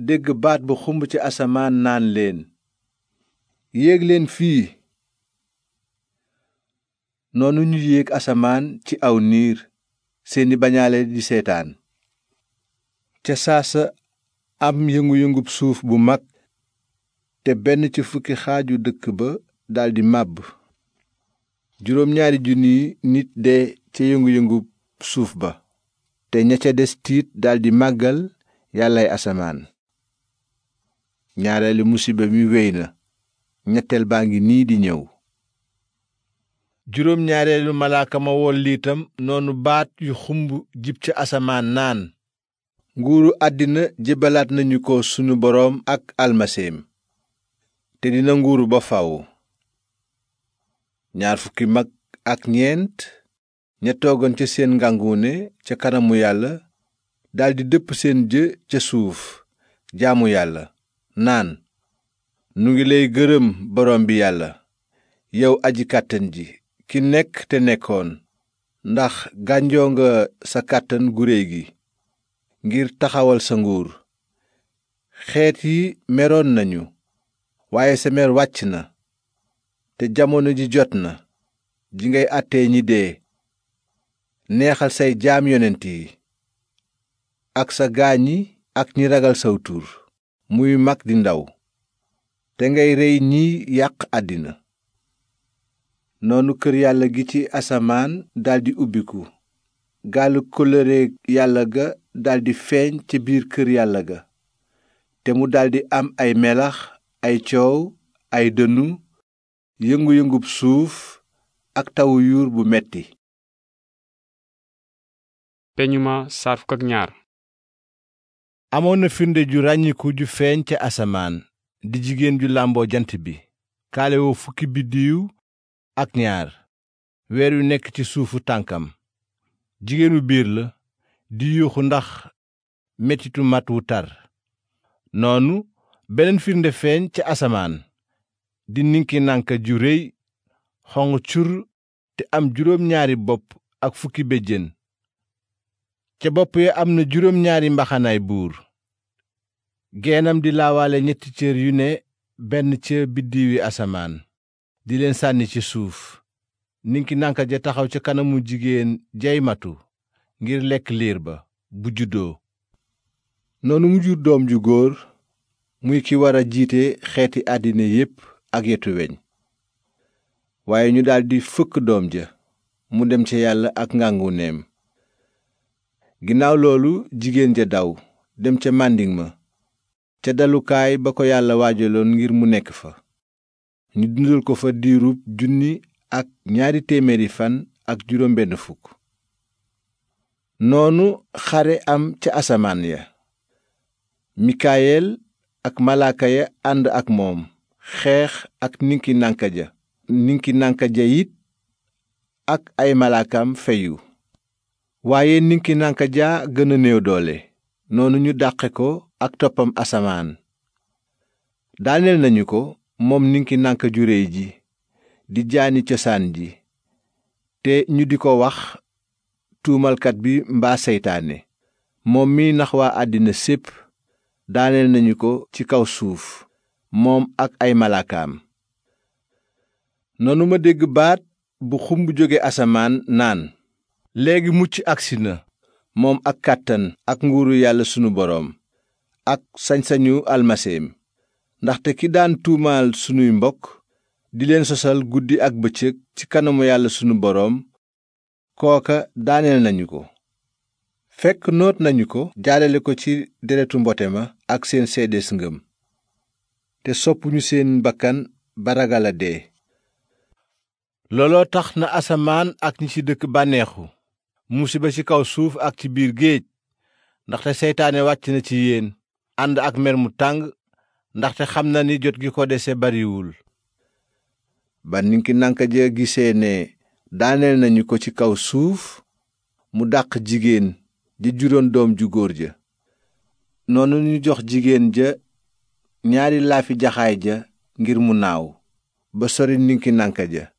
dégg baat bu xumb ci asamaan naan leen yéeg leen fii noonu ñu yéeg asamaan ci aw niir seeni bañaale di seetaan ca saasa am yëngu-yëngub suuf bu mag te benn ci fukki xaaju dëkk ba daldi màbb juróom ñaari junni nit dee ca yëngu-yëngub suuf ba te ña ca des tiit daldi màggal yàllay asamaan ñaareelu musiba mi wéy na ñetteel baa ngi nii di ñëw juróom ñaareelu malaaka ma wol liitam noonu baat yu xumb jib ca asamaan naan nguuru àddina jébbalaat nañu ko sunu boroom ak almaseem te dina nguuru ba faw ñaar fukki mag ak ñeent ña toogoon ca seen ngàngune ca kanamu yàlla daldi dëpp seen jë ca suuf jaamu yàlla naan nu ngi lay gërëm borom bi yàlla yow aji kàttan ji ki nekk te nekkoon ndax gànjoo nga sa kàttan gu réy gi ngir taxawal sa nguur xeet yi meroon nañu waaye sa mer wàcc na te jamono ji jot na ji ngay àttee ñi dee neexal say jaam yonent yi ak sa gaañ yi ak ñi ragal saw tur muy mag di ndaw te ngay rey ñiy yàq àddina noonu kër yàlla gi ci asamaan daldi ubbiku gaalu kóllëre yàlla ga daldi feeñ ci biir kër yàlla ga te mu daldi am ay melax ay coow ay dënnu yëngu-yëngub suuf ak tawu yuur bu metti peñuma amoon na firnde ju ràññiku ju feeñ ca asamaan di jigéen ju làmboo jant bi kaalewoo fukki biddiw ak ñaar weer yu nekk ci suufu tànkam jigéenu biir la di yuuxu ndax metitu mat wu tar noonu beneen firnde feeñ ca asamaan di ninki nanka ju réy xonq cur te am juróom ñaari bopp ak fukki béjjén ca bopp ya am na juróom ñaari mbaxanaay buur geenam di laawaale ñetti cër yu ne benn ca biddiwi asamaan di leen sànni ci suuf ninki nanka ja taxaw ca kanamu jigéen jay matu ngir lekk liir ba bu juddoo noonu mu jur doom ju góor muy ki war a jiite xeeti àddina yépp ak yetu weñ waaye ñu daldi fëkk doom ja mu dem ca yàlla ak ngàngu neem ginnaaw loolu jigéen ja daw dem ca màndiŋ ma ca dalukaay ba ko yàlla waajaloon ngir mu nekk fa ñu dundal ko fa diirub junni ak ñaari téeméeri fan ak juróom benn fukk noonu xare am ca asamaan ya mikaayel ak malaaka ya ànd ak moom xeex ak ninki nanka ja ninki nanka ja it ak ay malaakaam feyu waaye ninki nanka ja gën a néew doole noonu ñu dàqe ko ak toppam asamaan daaneel nañu ko moom ninki nanka ju réy ji di jaani cosaan ji te ñu di ko wax tuumalkat bi mbaa seytaane moom miy nax waa àddina sépp daaneel nañu ko ci kaw suuf moom ak ay malaakaam noonu ma dégg baat bu xumb jóge asamaan naan léegi mucc agsi na moom ak kàttan ak nguuru yàlla sunu boroom ak sañsañu sañu almaseem ndaxte ki daan tuumaal sunuy mbokk di leen sosal guddi ak bëccëg ci kanamu yàlla sunu boroom kooka daaneel nañu ko fekk noot nañu ko jaalale ko ci deretu mbote ma ak seen seedees ngëm te soppuñu seen bakkan ba ragal a dee looloo tax na asamaan ak ñi ci dëkk bànneexu musiba ci kaw suuf ak ci biir géej ndaxte seytaane wàcc na ci yéen ànd ak mer mu tàng ndaxte xam na ni jot gi ko dese bariwul ba ninki nanka ja gisee ne daaneel nañu ko ci kaw suuf mu dàq jigéen di juróon doom ju góor ja noonu ñu jox jigéen ja ñaari laafi jaxaay ja ngir mu naaw ba sori ninki nanka ja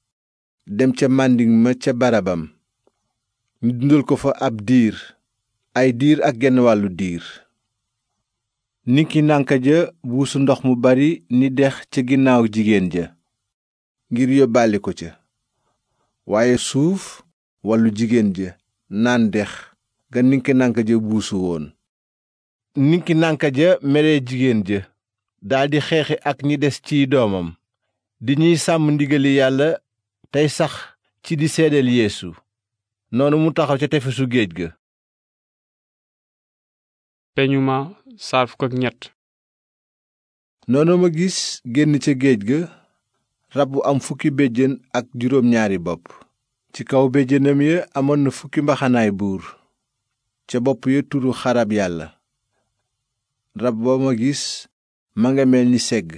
dem ca màndiŋ ma ca barabam ñu dundal ko fa ab diir ay diir ak genn wàllu diir niki nànka ja buusu ndox mu bari ni dex ca ginnaaw jigéen ja ngir yóbbaale ko ca waaye suuf wàllu jigéen ja naan dex ga ninki nànka ja buusu woon ninki ja meree jigéen ja daldi xeexi ak ñi des ciy doomam di ñuy sàmm ndigali yàlla tey sax ci di seedeel yéesu noonu mu taxaw ca tefesu géej ga peñuma saar fukk ak ñett noonu ma gis génn ca géej ga rab bu am fukki béjjén ak juróom ñaari bopp ci kaw béjjénam ya amoon na fukki mbaxanaay buur ca bopp ya turu xarab yàlla rab ba ma gis ma nga mel ni segg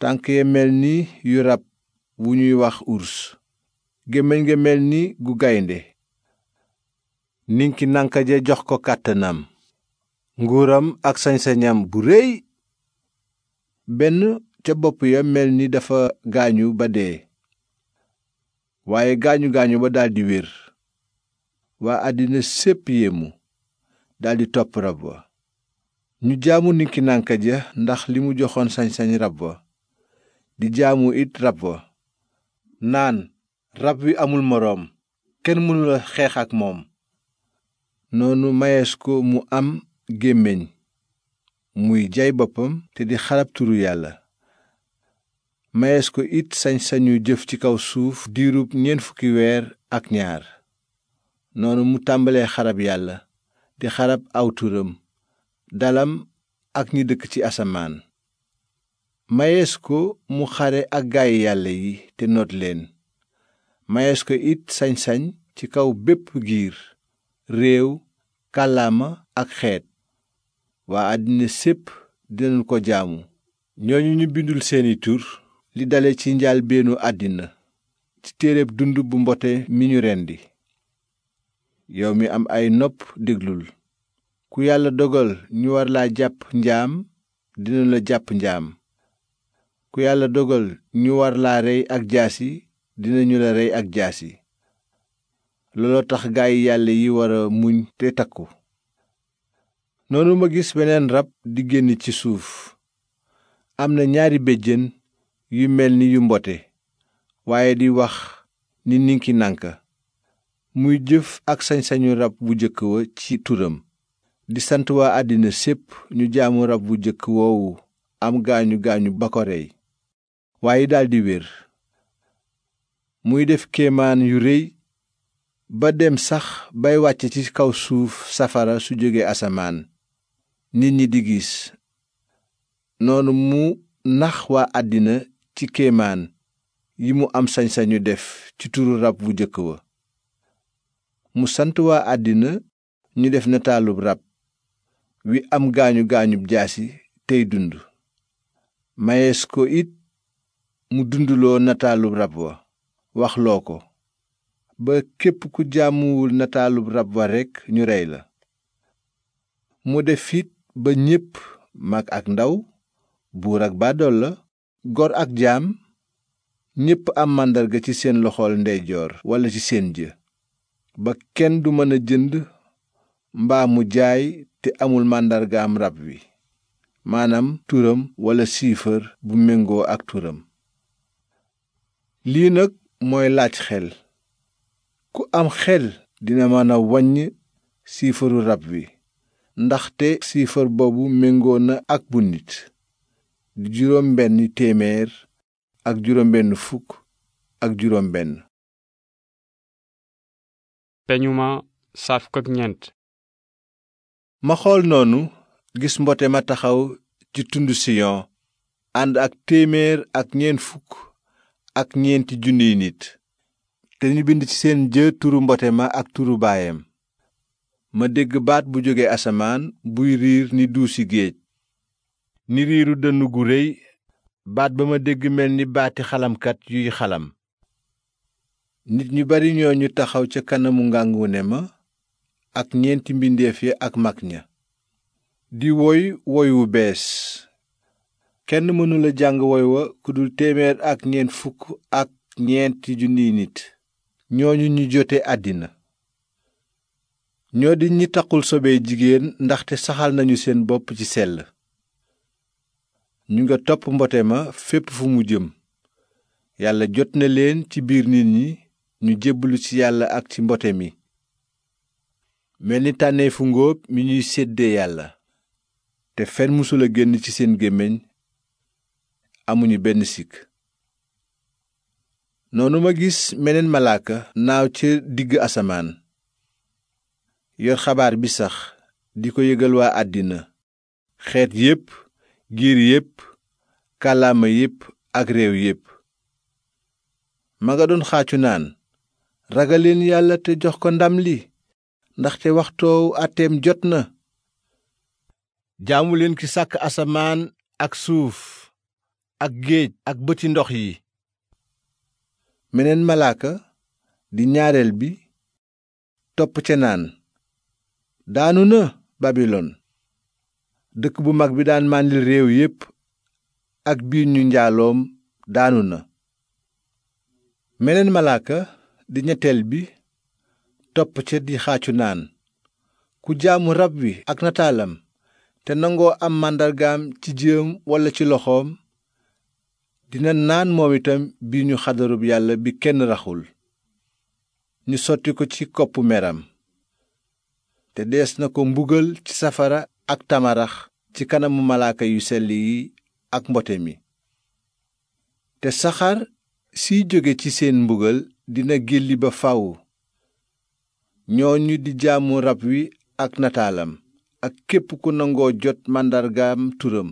tànk ya mel ni yu rab wu ñuy wax urs gémmiñ nga mel ni gu gaynde ninki nanka ja jox ko kàttanam nguuram ak sañsañam bu réy benn ca bopp ya mel ni dafa gaañu ba dee waaye gaañu gaañu ba daldi wér waa àddina sépp yéemu daldi topp rab wa ñu jaamu ninki nanka ja ndax li mu joxoon sañsañ sañ rab wa di jaamu it rab wa naan rab wi amul moroom kenn mënula xeex ak moom noonu mayees ko mu am gémmiñ muy jaay boppam te di xarab turu yàlla mayees ko it sañ-sañu jëf ci kaw suuf diirub ñeent fukki weer ak ñaar noonu mu tàmbalee xarab yàlla di xarab aw turam dalam ak ñi dëkk ci asamaan mayees ko mu xare ak gaay yàlla yi te noot leen mayees ko it sañsañ ci kaw bépp giir réew kàllaama ak xeet waa àddina sépp dinañ ko jaamu ñooñu ñu bindul seeni tur li dale ci njaal beenu àddina ci téereb dund bu mbote mi ñu rendi yow mi am ay nopp déglul ku yàlla dogal ñu war laa jàpp njaam dina la jàpp njaam ku yàlla dogal ñu war laa rey ak jaasi dinañu la rey ak jaasi looloo tax gaay yàlla yi war a muñ te takku noonu ma gis beneen rab di génn ci suuf am na ñaari béjjén yu mel ni yu mbote waaye di wax ni ninki nànka muy jëf ak sañ-sañu rab bu jëkk wa ci turam di sant waa àddina sépp ñu jaamu rab bu jëkk woowu am gaañu gaañu ba ko rey waaye daldi wér muy def kemaan yu rëy ba dem sax bay wàcc ci kaw suuf safara su jóge asamaan nit ñi di gis noonu mu nax waa àddina ci kéemaan yi mu am sañ-sañu def ci turu rab bu jëkk wa mu sant waa àddina ñu def nataalub rab wi am gaañu gaañub jaasi tey dund mayees ko it mu dunduloo nataalub rab wa waxloo ko ba képp ku jaamuwul nataalub rab wa rekk ñu rey la mu def it ba ñépp mag ak ndaw buur ak baadolla gor ak jaam ñépp am màndarga ci seen loxool ndeyjoor walla ci seen jë ba kenn du mëna jënd mbaa mu jaay te amul màndargaam rab wi maanaam turam walla siifar bu méngoo ak turam mooy laaj xel ku am xel dina mën a wàññi siifaru rab wi ndaxte siifar boobu méngoo na ak bu nit di juróom benn téeméer ak juróom benn fukk ak juróom benn peñuma saaf ko ak ñeent ma xool noonu gis mbote ma taxaw ci tund siyon ànd ak téeméer ak ñeent fukk ak ñeenti junniy nit te bind ci seen jë turu mbote ma ak turu baayam ma dégg baat bu jóge asamaan buy riir ni duusi géej ni riiru dënn gu réy baat ba ma dégg mel ni baati xalamkat yuy xalam nit ñu bari ñoo ñu taxaw ca kanamu ngàngu ma ak ñeenti mbindeef yi ak mag ña di woy woy wu bees kenn mënula jàng woy wa ku dul téeméer ak ñeent fukk ak ñeenti junniy nit ñooñu ñu jote àddina ñoo di ñi taqul sobe jigéen ndaxte saxal nañu seen bopp ci sell ñu nga topp mbote ma fépp fu mu jëm yàlla jot na leen ci biir nit ñi ñu jébbalu ci yàlla ak ci mbote mi mel ni tànneefu ngóob mi ñuy séddee yàlla te fen musula génn ci seen gémmiñ amuñu benn sikk noonu ma gis meneen malaaka naaw ca digg asamaan yor xabaar bi sax di ko yëgal waa àddina xeet yépp giir yépp kàllaama yépp ak réew yépp ma nga doon xaacu naan ragaleen yàlla te jox ko ndam li ndaxte waxtoow àtteem jot na jaamu ak géej ak bëti ndox yi meneen malaaka di ñaareel bi topp ca naan daanu na babilon dëkk bu mag bi daan màndil réew yépp ak biir ñu njaaloom daanu na meneen malaaka di ñetteel bi topp ca di xaacu naan ku jaamu rab wi ak nataalam te nangoo am màndargaam ci jëm walla ci loxoom dina naan moom itam bi ñu xadaru yàlla bi kenn raxul ñu sotti ko ci koppu meram te dees na ko mbugal ci safara ak tamarax ci kanamu malaaka yu selli yi ak mbote mi te saxaar siy jóge ci seen mbugal dina gilli ba faw ñoo ñu di jaamu rab wi ak nataalam ak képp ku nangoo jot màndargaam turam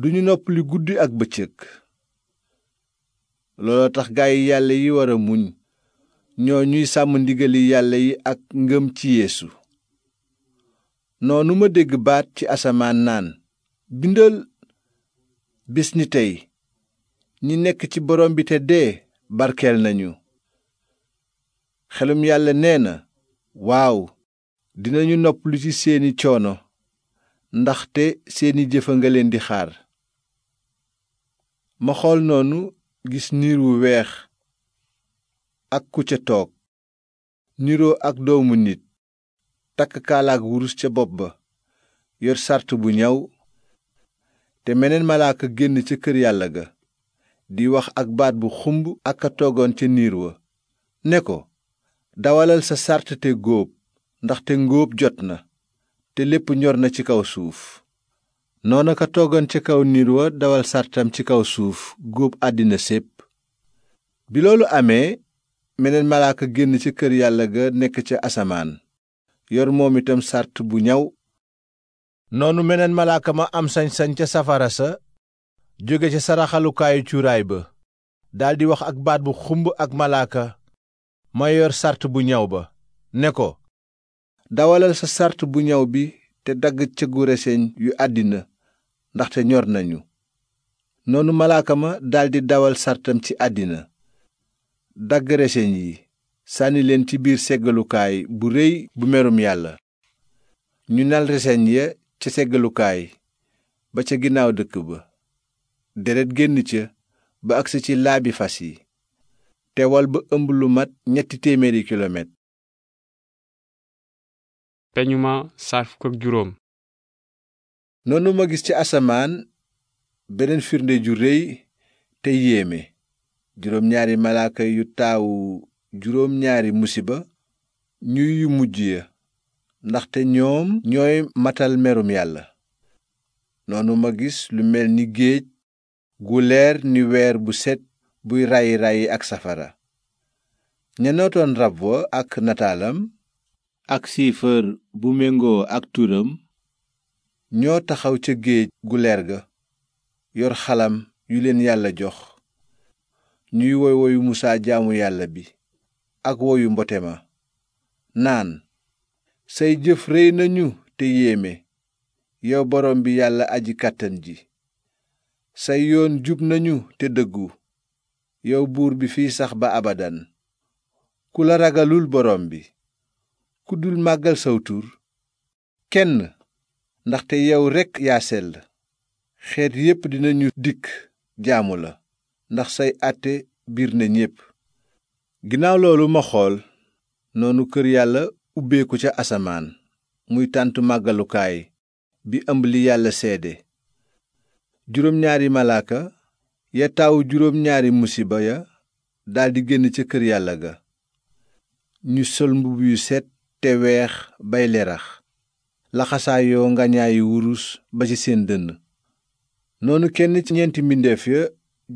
duñu noppali guddi ak bëccëg looloo tax gaay yàlla yi war a muñ ñoo ñuy sàmm ndigali yàlla yi ak ngëm ci yéesu noonu ma dégg baat ci asamaan naan bindal bis ni tey ñi nekk ci borom bi te dee barkeel nañu xelum yàlla nee na waaw dinañu nopplu ci seeni coono ndaxte seeni jëfa nga leen di xaar ma xool noonu gis niir wu weex ak ku ca toog niroo ak doomu nit takk kaalaag wurus ca bopp ba yor sàrt bu ñaw te meneen malaaka génn ca kër yàlla ga di wax ak baat bu xumb ak a toogoon ca niir wa ne ko dawalal sa sàrt te góob ndaxte ngóob jot na te lépp ñor na ci kaw suuf noona ka toogoon ca kaw niir wa dawal sàrtam ci kaw suuf guub àddina sépp bi loolu amee meneen malaaka génn ci kër yàlla ga nekk ca asamaan yor moom itam sàrt bu ñaw noonu meneen malaaka ma am sañsañ ca safara sa jóge ca saraxalukaayu cuuraay ba daldi wax ak baat bu xumb ak malaaka ma yor sàrt bu ñaw ba ne ko dawalal sa sàrt bu ñaw bi te dagg ca cëggu reseñ yu àddina ndaxte ñor nañu noonu malaaka ma daldi dawal sartam ci àddina dagg reseñ yi sànni leen ci biir seggalukaay bu réy bu merum yàlla ñu nal reseñ ya ca seggalukaay ba ca ginnaaw dëkk ba deret génn ca ba agsi ci laabi fas yi te wal ëmb lu mat ñetti téeméeri kilomètre noonu ma gis ci asamaan beneen firnde ju réy te yéeme juróom ñaari malaaka yu taawu juróom ñaari musiba ñuy yu mujj ya ndaxte ñoom ñooy matal merum yàlla noonu ma gis lu mel ni géej gu leer ni weer bu set buy rayi rayi ak safara ña nootoon rab wa ak nataalam ak siifar bu méngoo ak turam ñoo taxaw ca géej gu leer ga yor xalam yu leen yàlla jox ñuy woy woyu musaa jaamu yàlla bi ak woyu mbote ma naan say jëf rëy nañu te yéeme yow borom bi yàlla aji kàttan ji say yoon jub nañu te dëggu yow buur bi fiy sax ba abadan ku la ragalul borom bi ku dul màggal sawtur kenn ndaxte yow rekk yaa la xeet yépp dinañu dikk jaamu la ndax say àtte biir na ñépp ginnaaw loolu ma xool noonu kër yàlla ubbeeku ca asamaan muy tàntu màggalukaay bi ëmb li yàlla seede juróom ñaari malaaka ya taawu juróom ñaari musiba ya daldi génn ca kër yàlla ga ñu sol mbubb yu set te weex bay lerax laxasaayoo ngañaayi wurus ba ci seen dënn noonu kenn ci ñeenti mbindeef ya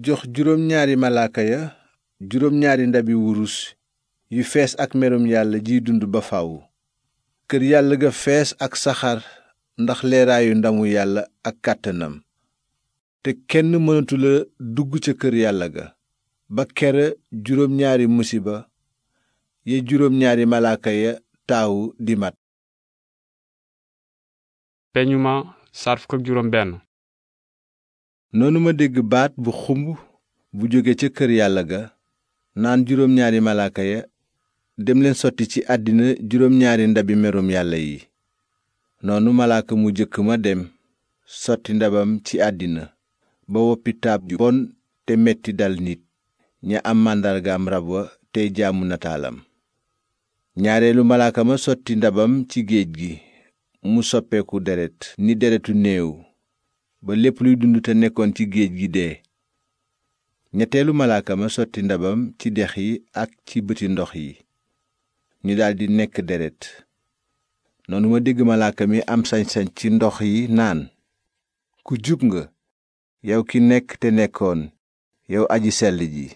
jox juróom ñaari malaaka ya juróom ñaari ndabi wurus yu fees ak merum yàlla jiy dund ba faw kër yàlla ga fees ak saxaar ndax leeraayu ndamu yàlla ak kàttanam te kenn mënatula dugg ca kër yàlla ga ba kere juróom ñaari musiba ya juróom ñaari malaaka ya taawu di mat peñu ma noonu ma dégg baat bu xumb bu jóge ca kër yàlla ga naan juróom ñaari malaaka ya dem leen sotti ci àddina juróom ñaari ndabi merum yàlla yi noonu malaaka mu jëkk ma dem sotti ndabam ci àddina ba woppi taab ju bon te metti dal nit ña am màndargaam rab wa tey jaamu nataalam ñaareelu malaaka ma sotti ndabam ci géej gi mu soppeeku deret ni deretu néew ba lépp luy dund te nekkoon ci géej gi dee ñetteelu malaaka ma sotti ndabam ci dex yi ak ci bëti ndox yi ñu daldi nekk deret noonu ma dégg malaaka mi am sañsañ ci ndox yi naan ku jub nga yow ki nekk te nekkoon yow aji sell ji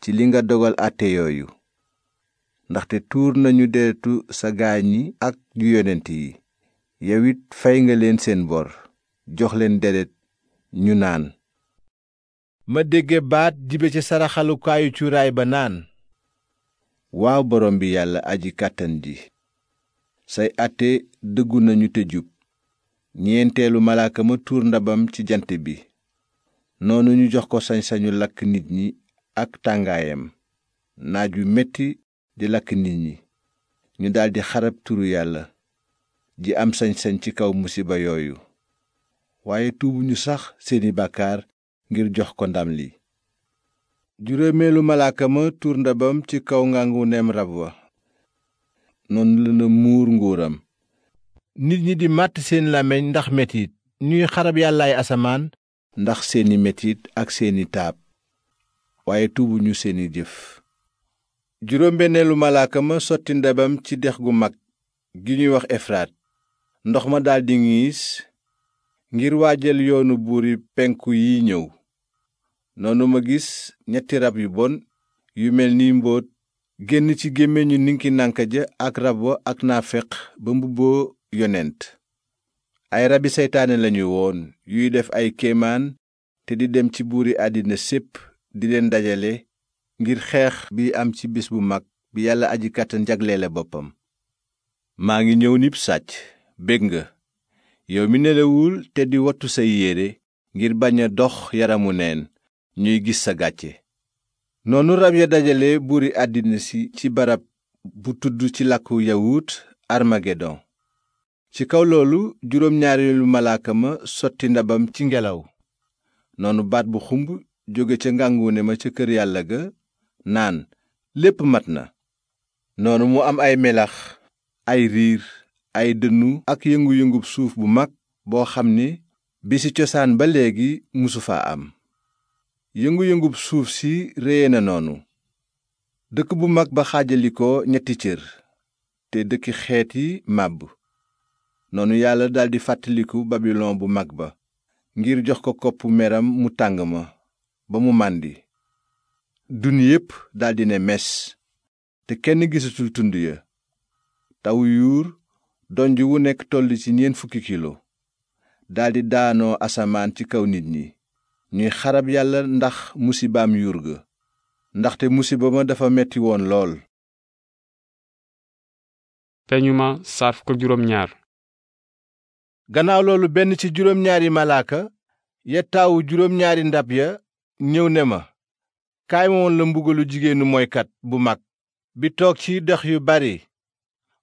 ci li nga dogal àtte yooyu ndaxte tuur nañu deretu sa gaañ yi ak ju yonent yi yow it fay nga leen seen bor jox leen deret ñu naan ma dégge baat jibe ci saraxalukaayu cuuraay ba naan waaw borom bi yàlla aji kàttan ji say àtte dëggu nañu te jub ñeenteelu malaaka ma tuur ndabam ci jant bi noonu ñu jox ko sañ-sañu lakk nit ñi ak tàngaayam naaj wi metti di lakk nit ñi ñu daldi xarab turu yàlla ji am sañ ci kaw musiba yooyu waaye tuubuñu sax seeni bàkkaar ngir jox ko ndam li juróomeelu malaaka ma tuur ndabam ci kaw ngàngu neem rab wa noonu la na muur nguuram nit ñi di màtt seen làmmiñ ndax metit ñuy xarab yàllaay asamaan ndax seeni metit ak seeni taab waaye tuubuñu seeni jëf juróom benneelu malaaka sotti ndabam ci dex gu mag gi ñuy wax efraat ndox ma daldi ŋiis ngir waajal yoonu buur penku yi ñëw noonu ma gis ñetti rab yu bon yu mel ni mbóot génn ci gémmiñu ninki nanka ja ak rab wa ak naafeq ba mbubboo yonent ay rabi seytaane lañu woon yuy def ay kéemaan te di dem ci buur i àddina sépp di leen dajale ngir xeex bi am ci bis bu mag bi yàlla aji kàttan jagleele boppam maa ngi ñëw nib sàcc bég nga yow mi nelawul te di wattu say yére ngir bañ a dox yaramu neen ñuy gis sa gàcce noonu rab ya dajale buuri àddina si ci barab bu tudd ci làkku yawut armagedon ci kaw loolu juróom ñaareelu malaaka ma sotti ndabam ci ngelaw noonu baat bu xumb jóge ca ngànguune ma ca kër yàlla ga naan lépp mat na noonu mu am ay melax ay riir ay dënnu ak yëngu-yëngub suuf bu mag boo xam ni bi ci cosaan ba léegi musu fa am yëngu-yëngub suuf si réye na noonu dëkk bu mag ba xaajalikoo ñetti cër te dëkk xeeti yi màbb noonu yàlla daldi fàttaliku babilon bu mag ba ngir jox ko koppu meram mu tàng ma ba mu màndi dun yépp daldi ne mes te kenn gisatul tund ya taw yuur donj wu nekk toll ci ñeent fukki kilo daldi daanoo asamaan ci kaw nit ñi ñuy xarab yàlla ndax musibaam yurga ndaxte musiba ma dafa metti woon lool peñuma saaf ko gannaaw loolu benn ci juróom ñaari malaaka ya juróom ñaari ndab ya ñëw ne ma kaay la mbugalu jigéenu moykat bu mag bi toog ci dox yu bari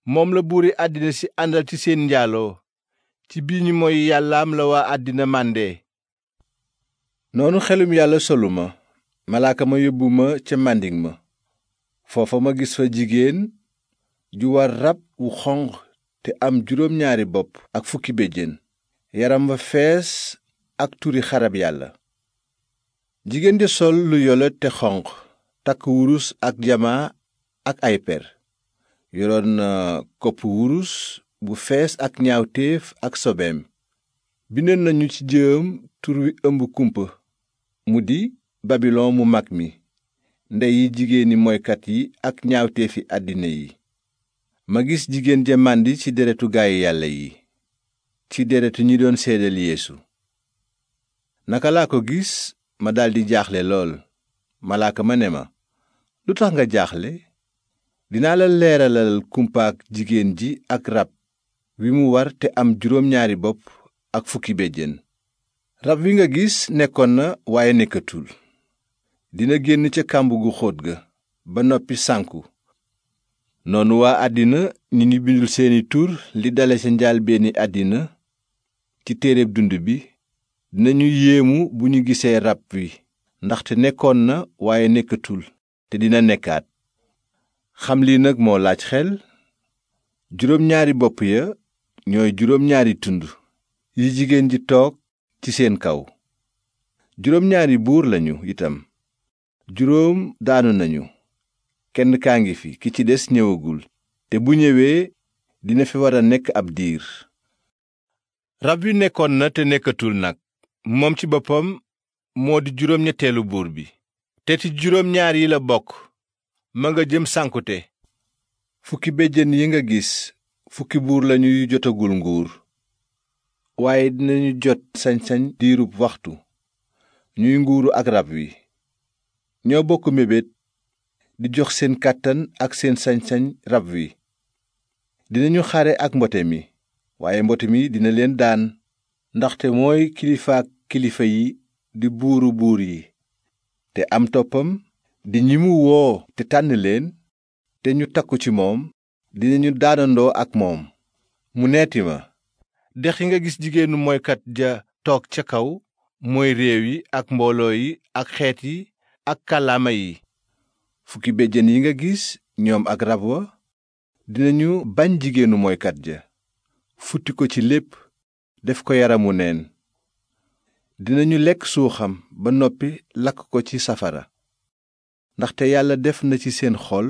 moom la buuri àddina si àndal ci seen njaaloo ci bi mooy moy yàllaam la waa àddina màndee noonu xelum yàlla solu ma malaaka ma yóbbu ma ca màndiŋ ma foofa ma gis fa jigéen ju war rab wu xonq te am juróom ñaari bopp ak fukki béjjén yaram wa fees ak turi xarab yàlla jigéen di sol lu yole te xonq takk wurus ak jamaa ak ay per yoroon na uh, kopp wurus bu fees ak ñaawteef ak sobeem bindoon nañu ci jëm tur wi ëmb kumpa mu di babilon mu mag mi ndeyi jigéeni moykat yi ak ñaawteefi àddina yi ma gis jigéen ja màndi ci deretu gaay yàlla yi ci deretu ñi doon seedal yéesu naka laa ko gis ma daldi jaaxle lool malaaka ma ne ma lu tax nga jaaxle dinaa la leeralal kumpaak jigéen ji ak rab wi mu war te am juróom ñaari bopp ak fukki béjjén rab wi nga gis nekkoon na waaye nekkatul dina génn ca kàmb gu xóot ga ba noppi sànku noonu waa àddina ñi ñu bindul seeni tur li dale sa njaalbeeni àddina ci téere dund bi dinañu yéemu bu ñu gisee rab wi ndaxte nekkoon na waaye nekkatul te dina nekkaat xam lii nag moo laaj xel juróom ñaari bopp ya ñooy juróom ñaari tund yi jigéen ji toog ci seen kaw juróom ñaari buur lañu itam juróom daanu nañu kenn kaa ngi fi ki ci des ñëwagul te bu ñëwee dina fi war a nekk ab diir rab yu nekkoon na te nekkatul nag moom ci boppam moo di juróom ñetteelu buur bi te ci juróom ñaar la bokk ma nga jëm sànkute fukki béjjén yi nga gis fukki buur lañuy jotagul nguur waaye dinañu jot sañsañ sañ diirub waxtu ñuy nguuru ak rab wi ñoo bokk mébét di jox seen kàttan ak seen sañ rab wi dinañu xare ak mbote mi waaye mbote mi dina leen daan ndaxte mooy kilifaak kilifa yi di buuru buur yi te am toppam di ñi mu woo te tànn leen te ñu takku ci moom dinañu daanandoo ak moom mu neeti ma dex yi nga gis jigéenu moykat ja toog ca kaw mooy réew yi ak mbooloo yi ak xeet yi ak kàllaama yi fukki béjjén yi nga gis ñoom ak rab wa dinañu bañ jigéenu moykat ja futti ko ci lépp def ko yaramu neen dinañu lekk suuxam ba noppi lakk ko ci safara ndaxte yàlla def na ci seen xol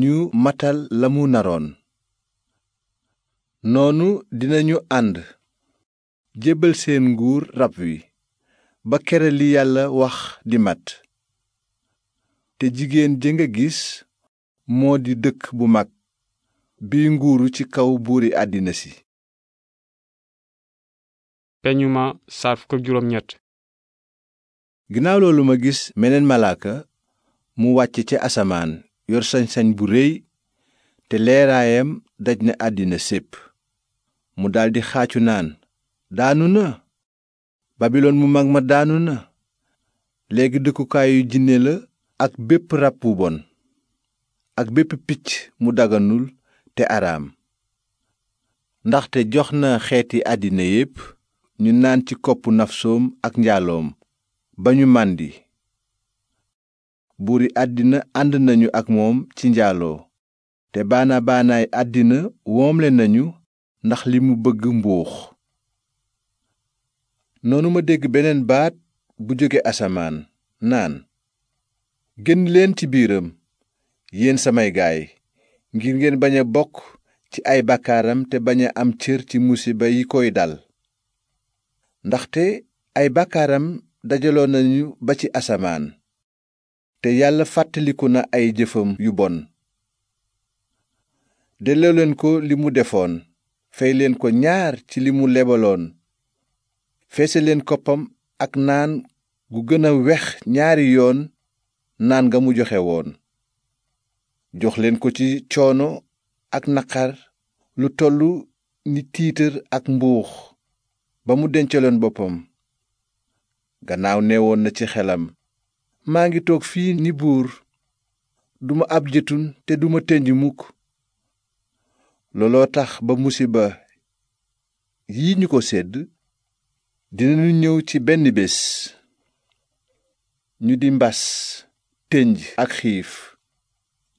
ñu matal la mu naroon noonu dinañu ànd jébbal seen nguur rab wi ba kere li yàlla wax di mat te jigéen ja nga gis moo di dëkk bu mag bi nguuru ci kaw buuri àddina si peñuma juróom ñett gis meneen malaaka mu wàcc ci asamaan yor sañ bu réy te leeraayam daj na àddina sépp mu daldi xaacu naan daanu na babilon mu mag ma daanu na léegi dëkkukaayu jinne la ak bépp rab wu bon ak bépp picc mu daganul te araam ndaxte jox na xeeti àddina yépp ñu naan ci koppu nafsoom ak njaaloom ba ñu màndi buur i àddina ànd nañu ak moom ci njaaloo te baana baanaay àddina woomle nañu ndax li mu bëgg mbuux noonu ma dégg beneen baat bu jóge asamaan naan génn leen ci biiram yéen samay gaay ngir ngeen bañ a bokk ci ay bakkaaram te bañ a am cër ci musiba yi koy dal ndaxte ay bakkaaram dajaloo nañu ba ci asamaan te yàlla fàttaliku na ay jëfam yu bon delloo leen ko li mu defoon feyleen ko ñaar ci li mu lebaloon feese leen koppam ak naan gu gën a wex ñaari yoon naan nga mu joxe woon jox ko ci coono ak naqar lu tollu ni tiitar ak mbuux ba mu dencaloon boppam gannaaw neewoon na ci xelam maa ngi toog fii ni buur duma ab jëtun te duma tenj mukk looloo tax ba musiba yi ñu ko sedd dinañu ñëw ci benn bés ñu di mbas tenj ak xiif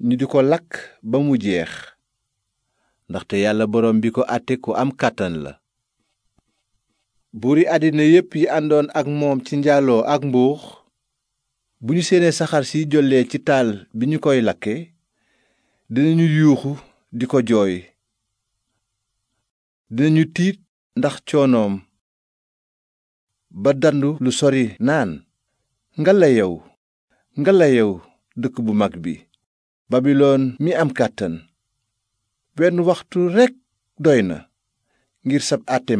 ñu di ko lakk ba mu jeex ndaxte yàlla borom bi ko àtte ku am kàttan la buur buuri àddina yépp yi àndoon ak moom ci njaaloo ak mbuux bu ñu seenee saxaar siy jollee ci taal bi ñu koy lakke dinañu yuuxu di ko jooy dinañu tiit ndax coonoom ba dandu lu sori naan ngalla yow ngalla yow dëkk bu mag bi babilon mi am kàttan benn waxtu rekk doy na ngir sab àtte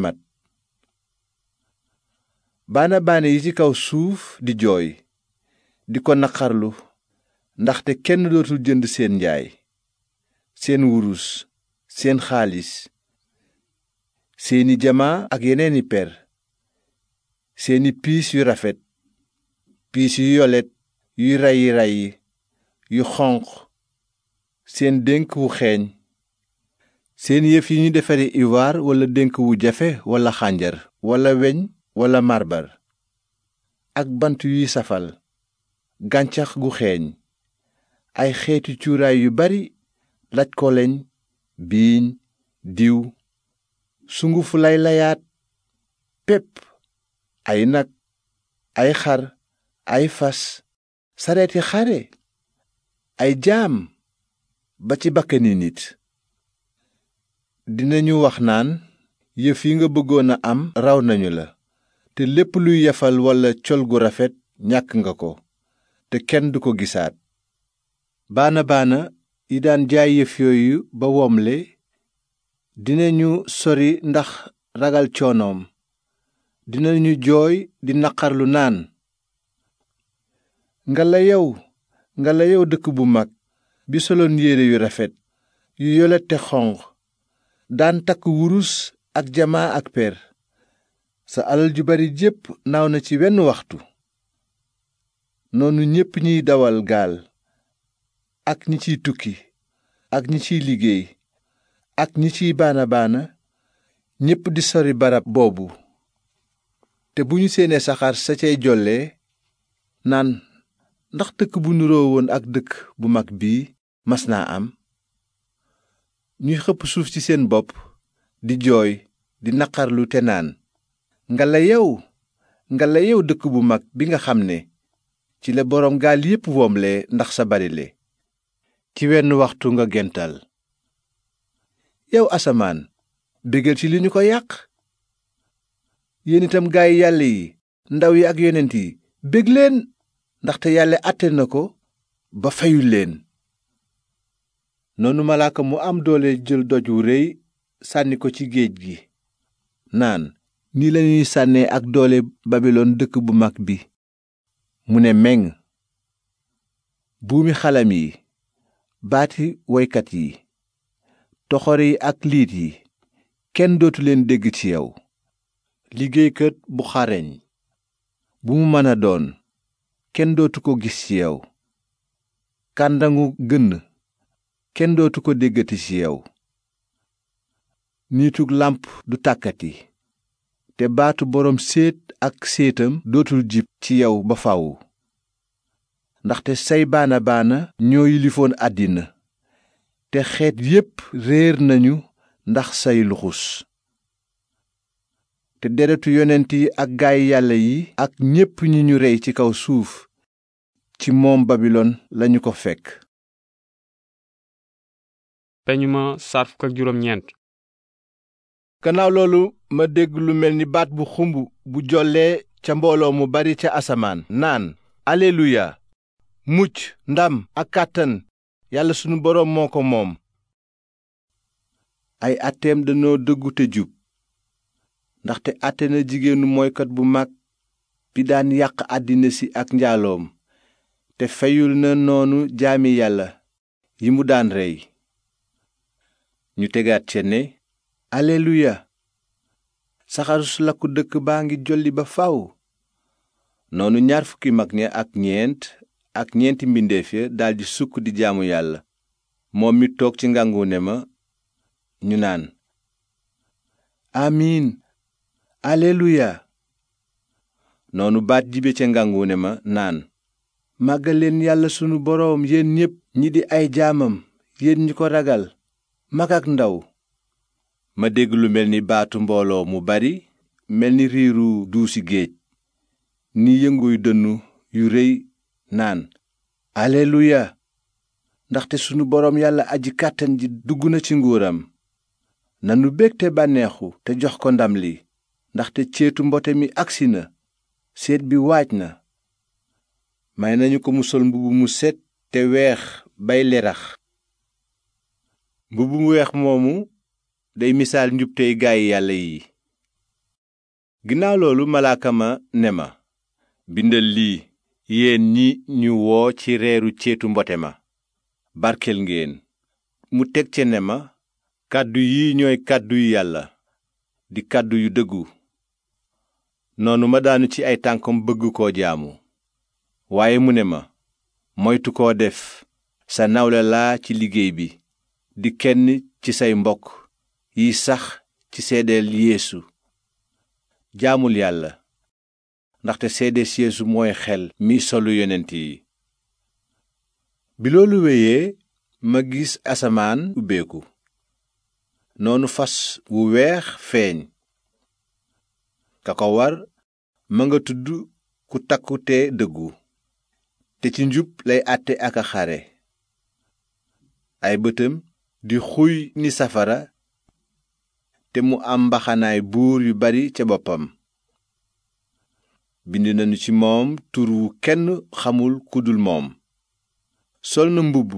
baana baana yi ci kaw suuf di jooy di ko naqarlu ndaxte kenn dootul jënd seen njaay seen wurus seen xaalis seeni jamaa ak yeneeni per seeni piis yu rafet piis yu yolet yuy rayyi rayyi yu xonq seen dénk wu xeeñ seen yëf yi ñu defare iwaar walla dénk wu jafe walla xànjar walla weñ walla marbar ak bant yuy safal gàncax gu xeeñ ay xeeti cuuraay yu bari laj ko leñ biiñ diw sungufu lay layaat pépp ay nag ay xar ay fas sareeti xare ay jaam ba ci bakkani nit dinañu wax naan yëf yi nga bëggoona am raw nañu la te lépp luy yafal walla col gu rafet ñàkk nga ko te kenn du ko gisaat baana baana yi daan jaay yëf yooyu ba womle dinañu sori ndax ragal coonoom dinañu jooy di naqarlu naan ngala yow ngala yow dëkk bu mag bi soloon yére yu rafet yu yole te xonq daan takk wurus ak jamaa ak per sa alal ju bari jépp naaw na ci wenn waxtu noonu ñépp ñiy dawal gaal ak ñi ciy tukki ak ñi ciy liggéey ak ñi ciy baana baana ñépp di sori barab boobu te bu ñu seenee saxaar sa cay jolle naan ndax dëkk bu nuroo woon ak dëkk bu mag bii mas naa am ñuy xëpp suuf ci seen bopp di jooy di naqarlu te naan nga la yow nga la yow dëkk bu mag bi nga xam ne ci la boroom gaal yépp woomle ndax sa barile ci wenn waxtu nga gental yow asamaan bégal ci li ñu ko yàq yéen itam gaay yàlla yi ndaw yi ak yonent yi bég leen ndaxte yàlla àtte na ko ba fayul leen noonu malaaka mu am doole jël doj wu rëy sànni ko ci géej gi naan nii lañuy sànnee ak doole babilon dëkk bu mag bi mu ne meng buumi xalam yi baati woykat yi toxor yi ak liit yi kenn dootu leen dégg ci yow liggéeykat bu xareñ bu mu mën a doon kenn dootu ko gis ci yow kàndangu gënn kenn dootu ko déggati ci yow niitug làmp du tàkkati te baatu boroom séet ak séetam dootul jib ci yow ba faw ndaxte say baana baana ñoo yilifoon àddina te xeet yépp réer nañu ndax say luxus te deretu yonent yi ak gaay yàlla yi ak ñépp ñi ñu rey ci kaw suuf ci moom babilon lañu ko fekk peñuma saar fukk gannaaw loolu ma dégg lu mel ni baat bu xumb bu jollee ca mbooloo mu bari ca asamaan naan alleluya mucc ndam ak kàttan yàlla sunu boroom moo ko moom ay àtteem danoo dëggu te jub ndaxte àtte na jigéenu moykat bu mag bi daan yàq àddina si ak njaaloom te feyul na noonu jaami yàlla yi mu daan rey ñu tegaat ca aleluya saxarus lakku dëkk baa ngi jolli ba faw noonu ñaar fukki mag ña ak ñeent ak ñeenti mbindeef ya daldi sukk di jaamu yàlla moom mi toog ci ngàngune ma ñu naan amiin aleluya noonu baat jibe ca ngàngune ma naan màggaleen yàlla sunu boroom yéen ñépp ñi di ay jaamam yéen ñi ko ragal mag ak ndaw ma dégg lu mel ni baatu mbooloo mu bari mel ni riiru duusi géej ni yënguy dënnu yu rëy naan alleluya ndaxte sunu boroom yàlla aji kàttan ji dugg na ci nguuram nanu bég te bànneexu te jox ko ndam li ndaxte ceetu mbote mi agsi na seet bi waaj na may nañu ko mu sol mbubb mu set te weex bay lerax weex moomu day misaal njubtey gaay yàlla yi ginnaaw loolu malaaka ma ne ma bindal lii yéen ñi ñu woo ci reeru ceetu mbote ma barkeel ngeen mu teg ce ne ma kàddu yi ñooy kàddu yu yàlla di kàddu yu dëggu noonu ma daanu ci ay tànkam bëgg koo jaamu waaye mu ne ma moytu koo def sa nawle laa ci liggéey bi di kenn ci say mbokk yi sax ci seedeel yeesu jaamul yàlla ndaxte seedees yeesu mooy xel mi solu yonent yi bi loolu wéyee ma gis asamaan ubbeeku noonu fas wu weex feeñ ka ko war ma nga tudd ku takku te dëggu te ci njub lay àtte ak a xare ay bëtam di xuy ni safara te mu am mbaxanaay buur yu bari ca boppam bind nañu ci moom tur wu kenn xamul ku dul moom sol na mbubb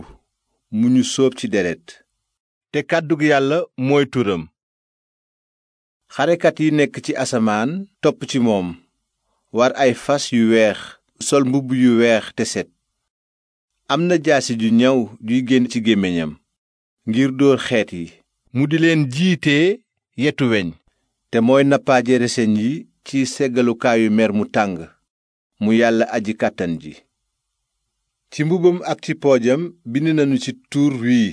mu ñu sóob ci deret te kàddug yàlla mooy turam xarekat yi nekk ci asamaan topp ci moom war ay fas yu weex sol mbubb yu weex te set am na jaasi ju ñaw juy génn ci gémmiñam ngir dóor xeet yi mu di leen jiitee yetu weñ te mooy nappaaje reseñ yi ci seggalukaayu mer mu tàng mu yàlla aji kàttan ji ci mbubam ak ci poojam bind nañu ci tuur wii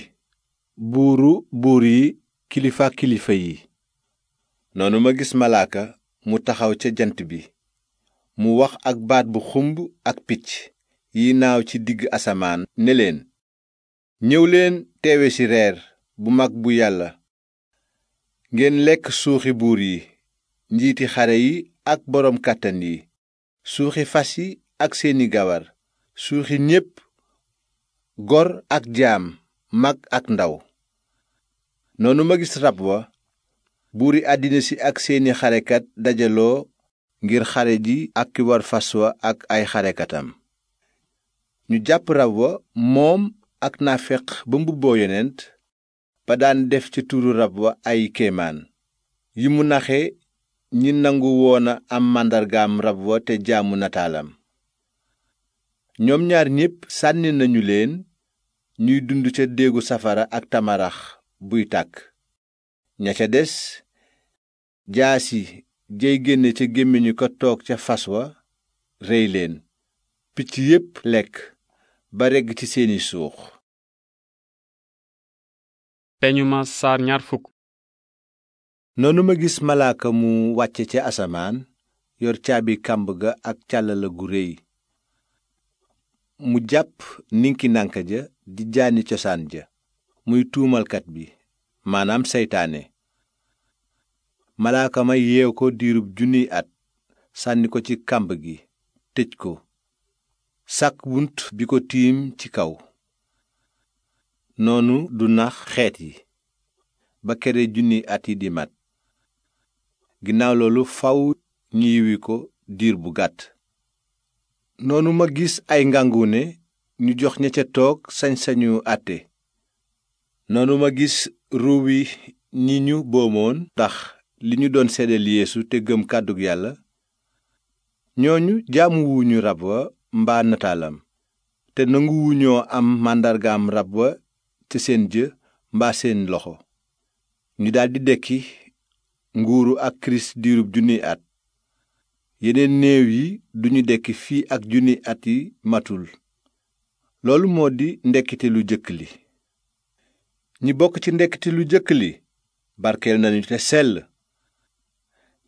buuru buur yi kilifa kilifa yi noonu ma gis malaaka mu taxaw ca jant bi mu wax ak baat bu xumb ak picc yi naaw ci digg asamaan ne leen ñëw teewe ci reer bu mag bu yàlla ngeen lekk suuxi buur yi njiiti xare yi ak boroom kàttan yi suuxi fas yi ak seeni gawar suuxi ñépp gor ak jaam mag ak ndaw noonu ma gis rab wa buuri àddina si ak seeni xarekat dajaloo ngir xare ji ak ki war fas wa ak ay xarekatam ñu jàpp rab wa moom ak naafeq ba mbubboo yonent ba daan def ci turu rab wa ay kéemaan yi mu naxe ñi nangu woon a am màndargaam rab wa te jaamu nataalam ñoom ñaar ñépp sànni nañu leen ñuy dund ca déegu safara ak tamarax buy tàkk ña ca des jaas yi jey génne ca gémmiñu ko toog ca fas wa rey leen picc yépp lekk ba regg ci seeni suux peñu ma saar noonu ma gis malaaka mu wàcce ca asamaan yor caabi kàmb ga ak càllala gu réy mu jàpp ninki nànka ja di jaani cosaan ja muy tuumalkat bi maanaam seytaane malaaka ma yeew ko diirub junniy at sànni ko ci kàmb gi tëj ko sàkk bunt bi ko tiim ci kaw noonu du nax xeet yi ba kere junni at yi di mat ginnaaw loolu faw ñu yiwi ko diir bu gàtt noonu ma gis ay ngàngune ñu jox ña ca toog sañ-sañu àtte noonu ma gis ruu yi ñi ñu boomoon tax li ñu doon seddal yeesu te gëm kàddug yàlla ñooñu jaamu wuñu rab wa mbaa nataalam te nanguwuñoo am màndargaam rab wa te seen jë mbaa seen loxo ñu daldi dekki nguuru ak kirist diirub junniy at yeneen néew yi duñu dekki fii ak junni at yi matul loolu moo di ndekkite lu jëkk li ñi bokk ci ndekkite lu jëkk li barkeel nañu te sell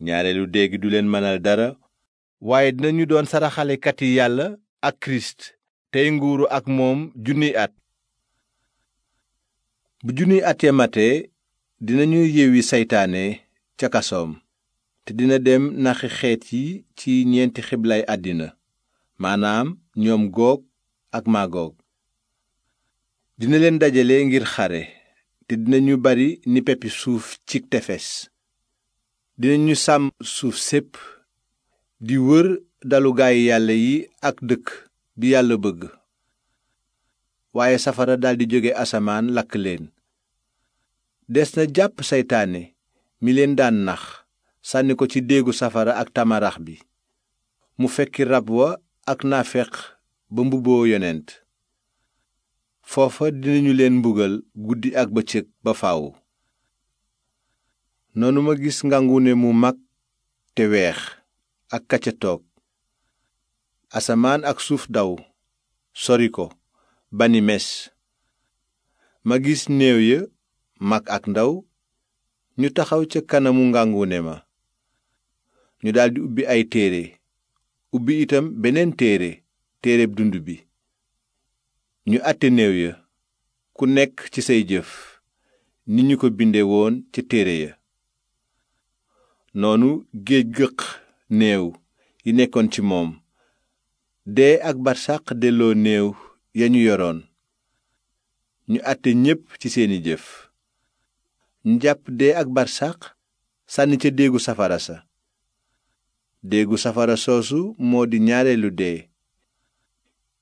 ñaareelu dee gi du leen mënal dara waaye dinañu doon saraxalekat yi yàlla ak kirist tey nguuru ak moom junniy at bu junniy atya mate dinañu yewwi seytaane ca kasoom te dina dem naxi xeet yi ci ñeenti xiblay àddina maanaam ñoom goog ak maagoog dina leen dajale ngir xare te ñu bari ni peppi suuf ci tefes dinañu sàmm suuf sépp di wër dalu gaay yàlla yi ak dëkk bi yàlla bëgg waaye safara daldi jóge asamaan lakk leen des na jàpp seytaane mi leen daan nax sànni ko ci déegu safara ak tamarax bi mu fekki rab wa ak naafeq ba mbubboo yonent foofa dinañu leen mbugal guddi ak ba bëccëg ba faw noonu ma gis ngàngune mu mag te weex ak kacca toog asamaan ak suuf daw sori ko banimes ma gis néew ya mag ak ndaw ñu taxaw ca kanamu ngàngune ma ñu daldi ubbi ay téere ubbi itam beneen téere téere dund bi ñu àtte néew ya ku nekk ci say jëf ni ñu ko binde woon ca téere ya noonu géej gëq néew yi nekkoon ci moom dee ak barsàq delloo néew ya ñu yoroon ñu àtte ñépp ci seeni jëf ñu jàpp dee ak barsàq sànni ca déegu safara sa déegu safara soosu moo di ñaareelu dee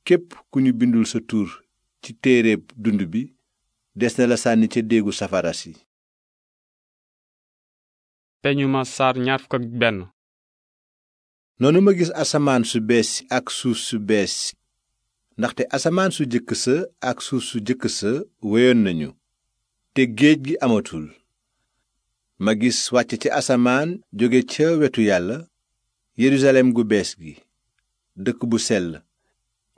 képp ku ñu bindul sa tur ci téere dund bi des na la sànni ca déegu safara si peñu gis asamaan su bees ak suuf su ndaxte asamaan su jëkk sa ak suuf su jëkk sa wéyoon nañu te géej gi amatul ma gis wàcc ci asamaan jóge ca wetu yàlla yerusalem gu bees gi dëkk bu sell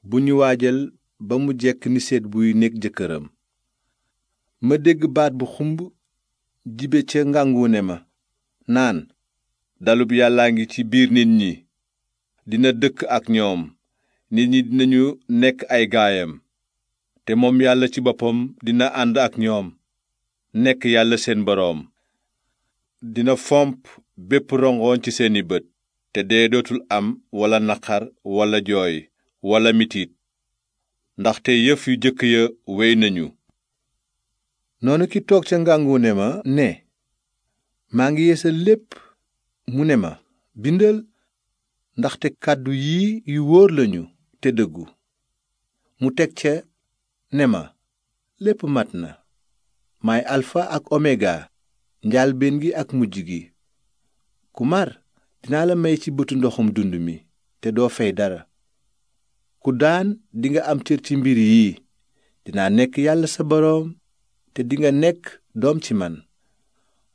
bu ñu waajal ba mu jekk ni seet buy nekk jëkkëram ma dégg baat bu xumb jibe ca ngàngu ne ma naan dalub yàllaa ngi ci biir nit ñi dina dëkk ak ñoom nit ñi dinañu nekk ay gaayam te moom yàlla ci boppam dina ànd ak ñoom nekk yàlla seen boroom dina fomp bépp rongoñ ci seeni bët te dee dootul am walla naqar walla jooy walla mitiit ndaxte yëf yu jëkk ya wéy nañu noonu ki toog ca ngàngune ma ne maa ngi yeesal lépp mu ne ma bindal ndaxte kàddu yii yu wóor lañu te dëggu mu teg ca ne ma lépp mat na maay alfa ak omega njaalbéen gi ak mujj gi ku mar dinaa la may ci bëtu ndoxum dund mi te doo fay dara ku daan dinga am cër ci mbir yi dinaa nekk yàlla sa boroom te dinga nekk doom ci man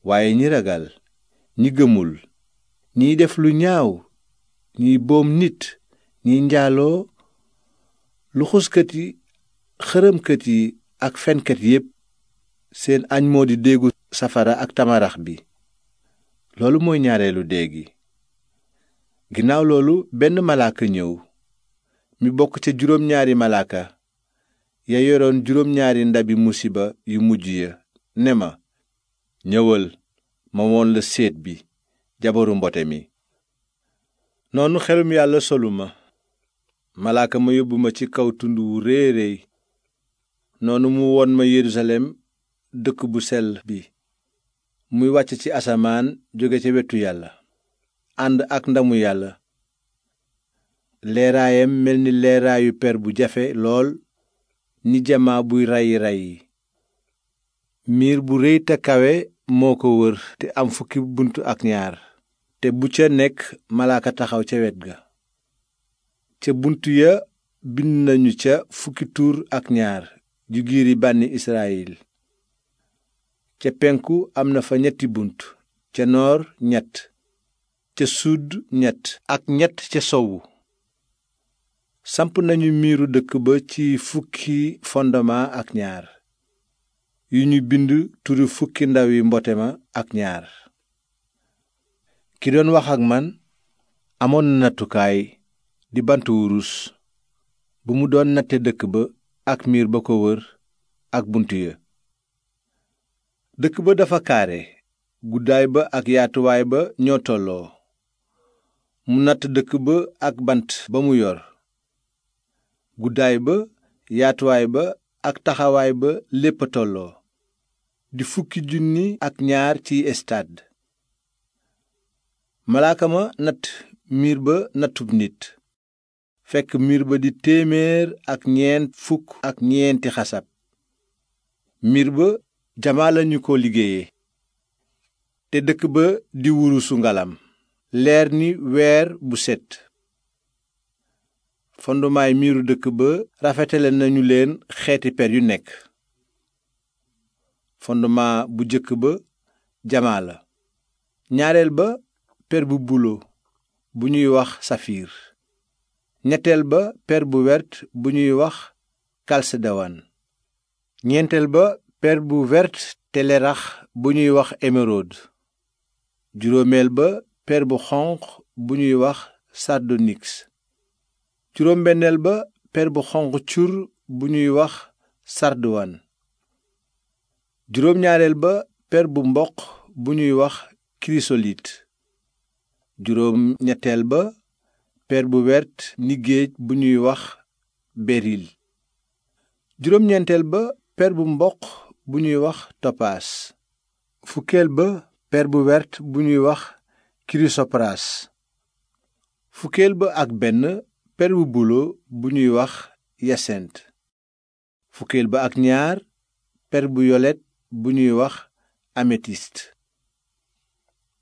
waaye ñi ragal ñi gëmul ñiy def lu ñaaw ñiy boom nit ñiy njaaloo luxuskat yi xërëmkat yi ak fenkat yépp seen añ moo di déegu safara ak tamarax bi loolu mooy ñaareelu dee gi ginnaaw loolu benn malaaka ñëw mi bokk ca juróom ñaari malaaka ya yoroon juróom ñaari ndabi musiba yu mujj ya ne ma ñëwal ma woon la séet bi jabaru mbote mi noonu xelum yàlla solu ma malaaka ma yóbbu ma ci kaw tund wu réy réy noonu mu won ma yerusalem dëkk bu sell bi muy wàcc ci asamaan jóge ca wetu yàlla ànd ak ndamu yàlla leeraayam mel ni leeraayu per bu jafe lool ni jamaa buy rayyi rayyi miir bu réy te kawe moo ko wër te am fukki bunt ak ñaar te bu ca nekk malaaka taxaw ca wet ga ca bunt ya bind nañu ca fukki tuur ak ñaar ju giir yi bànni israyil ca penku am na fa ñetti bunt ca noor ñett ca sud ñett ak ñett ca sowu samp nañu miiru dëkk ba ci fukki fondement ak ñaar yu ñu bind turu fukki ndaw yi mbote ma ak ñaar ki doon wax ak man amoon na nattukaay di bant wurus bu mu doon natte dëkk ba ak miir ba ko wër ak bunt ya dëkk ba dafa kaare guddaay ba ak yaatuwaay ba ñoo tolloo mu natt dëkk ba ak bant ba mu yor guddaay ba yaatuwaay ba ak taxawaay ba lépp tolloo di fukki junni ak ñaar ci estad malaaka ma natt miir ba nattub nit fekk miir ba di téeméer ak ñeent fukk ak ñeenti xasab mbir ba jamaa lañu ko liggéeye te dëkk ba di wurusu ngalam leer ni weer bu set fondumaay miiru dëkk ba rafetale nañu leen xeeti per yu nekk fondement bu jëkk ba jamaa la ñaareel ba per bu bulo bu ñuy wax safiir ñetteel ba per bu wert bu ñuy wax kalsedowan ñeenteel ba per bu wert te lerax bu ñuy wax émeraude juróomeel ba per bu xonq bu ñuy wax sardonyx juróom-benneel ba per bu xonq cur bu ñuy wax sarduwan juróom-ñaareel ba per bu mboq bu ñuy wax chrysolite juróom ñetteel ba per bu wert ni bu ñuy wax beril juróom ñeenteel ba per bu mboq bu ñuy wax topaas fukkeel ba per bu wert bu ñuy wax kirisopraas fukkeel ba ak benn per bu bulo bu ñuy wax yasent fukkeel ba ak ñaar per bu yolet bu ñuy wax améthyste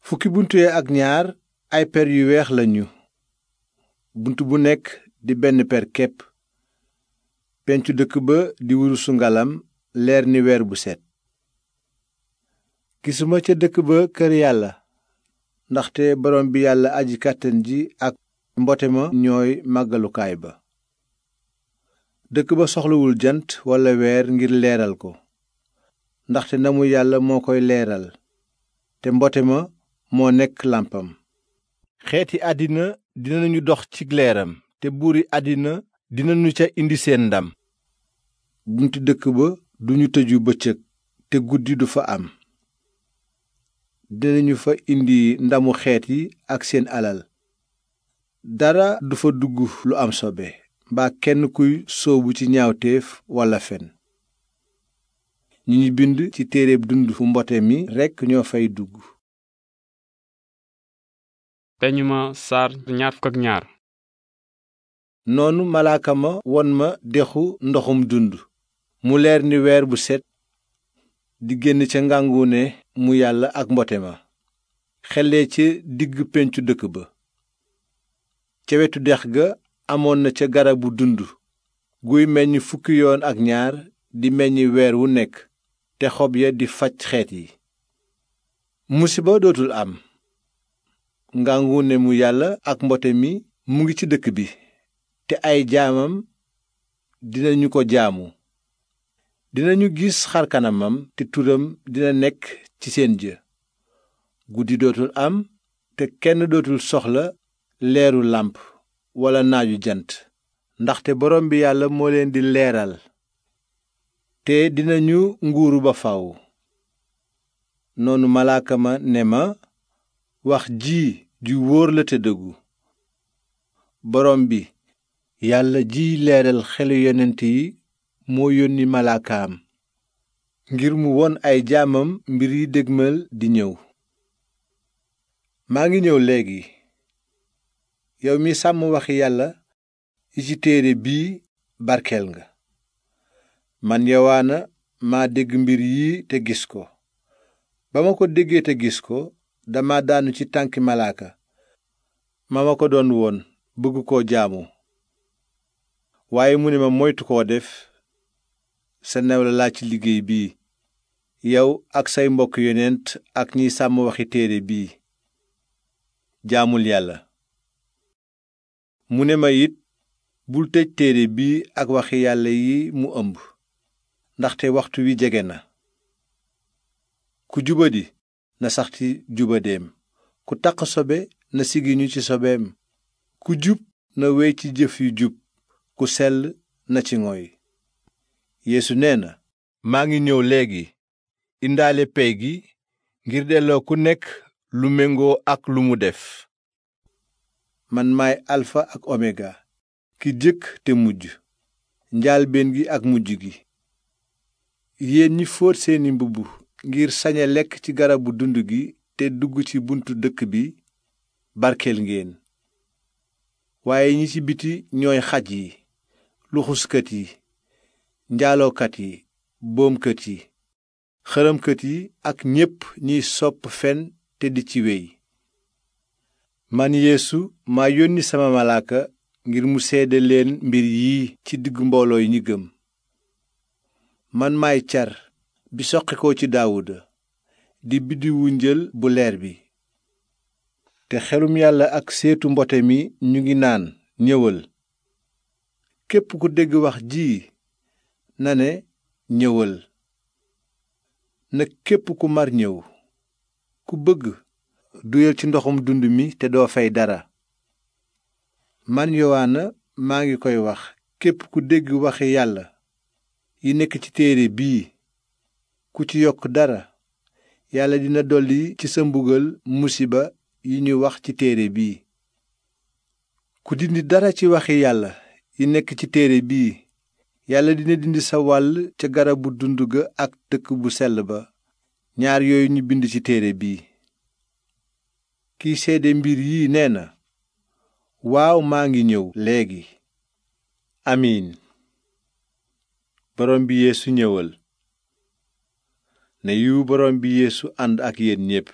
fukki buntu ya ak ñaar ay per yu weex lañu bunt bu nekk di benn per képp pencu dëkk ba di wurusu ngalam leer ni weer bu set gisuma ca dëkk ba kër yàlla ndaxte borom bi yàlla aji kàttan ji ak mbote ma ñooy màggalukaay ba dëkk ba soxlawul jant walla weer ngir leeral ko ndaxte namu yàlla moo koy leeral te mbote ma moo nekk làmpam dinañu dox ci leeram te i àddina dinañu ca indi seen ndam bunti dëkk ba duñu tëju bëccëg te guddi du fa am dinañu fa indi ndamu xeet yi ak seen alal dara du fa dugg lu am sobe mbaa kenn kuy soobu ci ñaawteef walla fen ñi ñu bind ci téereb dund fu mbote mi rekk ñoo fay dugg peñu ma saar ñaar noonu malaaka ma won ma dexu ndoxum dund mu leer ni weer bu set di génn ca ngàngu ne mu yàlla ak mbote ma xellee ca diggu péncu dëkk ba ca wetu dex ga amoon na ca garabu dund guy meññ fukki yoon ak ñaar di meññi weer wu nekk te xob ya di faj xeet yi musiba dootul am ngàngu mu yàlla ak mbote mi mu ngi ci dëkk bi te ay jaamam dinañu ko jaamu dinañu gis xar kanamam te turam dina nekk ci seen jë guddi dootul am te kenn dootul soxla leeru làmp walla naaju jant ndaxte borom bi yàlla moo leen di leeral te dina ñu nguuru ba faw noonu malaaka ma ne ma wax ji ju wóor la te dëggu borom bi yàlla jiy leeral xelu yonent yi moo yónni malaakaam ngir mu won ay jaamam mbir yi dégmal di ñëw maa ngi ñëw léegi yow mi sàmm wax yàlla yi ci téere bii barkeel nga man yowaana maa dégg mbir yii te gis ko ba ma ko déggee te gis ko dama daanu ci tànki malaaka ma ma ko doon woon bëgg koo jaamu waaye mu ne ma moytu koo def sa nawla laa ci liggéey bii yow ak say mbokk yonent ak ñiy sàmm waxi téere bii jaamul yàlla mu ne ma it bul tëj téere bii ak waxi yàlla yi mu ëmb ndaxte waxtu wi jege na ku juba jubadi na sax ci jubadeem ku taq sobe na sigiñu ci sobeem ku jub na wey ci jëf yu jub ku sell na ci ngoy yéesu nee na maa ngi ñëw léegi indaale pey gi ngir delloo ku nekk lu méngoo ak lu mu def man maay alfa ak omega ki jëkk te mujj njaalbéen gi ak mujj gi yéen ñi fóot seeni mbubb ngir sañe lekk ci garabu dund gi te dugg ci buntu dëkk bi barkeel ngeen waaye ñi ci biti ñooy xaj yi luxuskat yi njaalookat yi boomkat yi xërëmkat yi ak ñépp ñiy sopp fen te di ci wey man yéesu maa yónni sama malaaka ngir mu seede leen mbir yii ci diggu mbooloo yi ñi gëm man maay bi soqikoo ci daawuda di biddiwu njël bu leer bi te xelum yàlla ak seetu mbote mi ñu ngi naan ñëwal képp ku dégg wax ji na ne ñëwal na képp ku mar ñëw ku bëgg duyal ci ndoxum dund mi te doo fay dara man yowaana maa ngi koy wax képp ku dégg waxi yàlla yi nekk ci téere bii ku ci yokk dara yàlla dina dolli ci sa mbugal musiba yi ñu wax ci téere bii ku dindi dara ci waxi yàlla yi nekk ci téere bii yàlla dina dindi sa wàll ca garabu dund ga ak dëkk bu sell ba ñaar yooyu ñu bind ci téere bii kiy seede mbir yii nee na waaw maa ngi ñëw léegi amiin borom bi ñëwal ne yu borom bi yéesu ànd ak yéen ñépp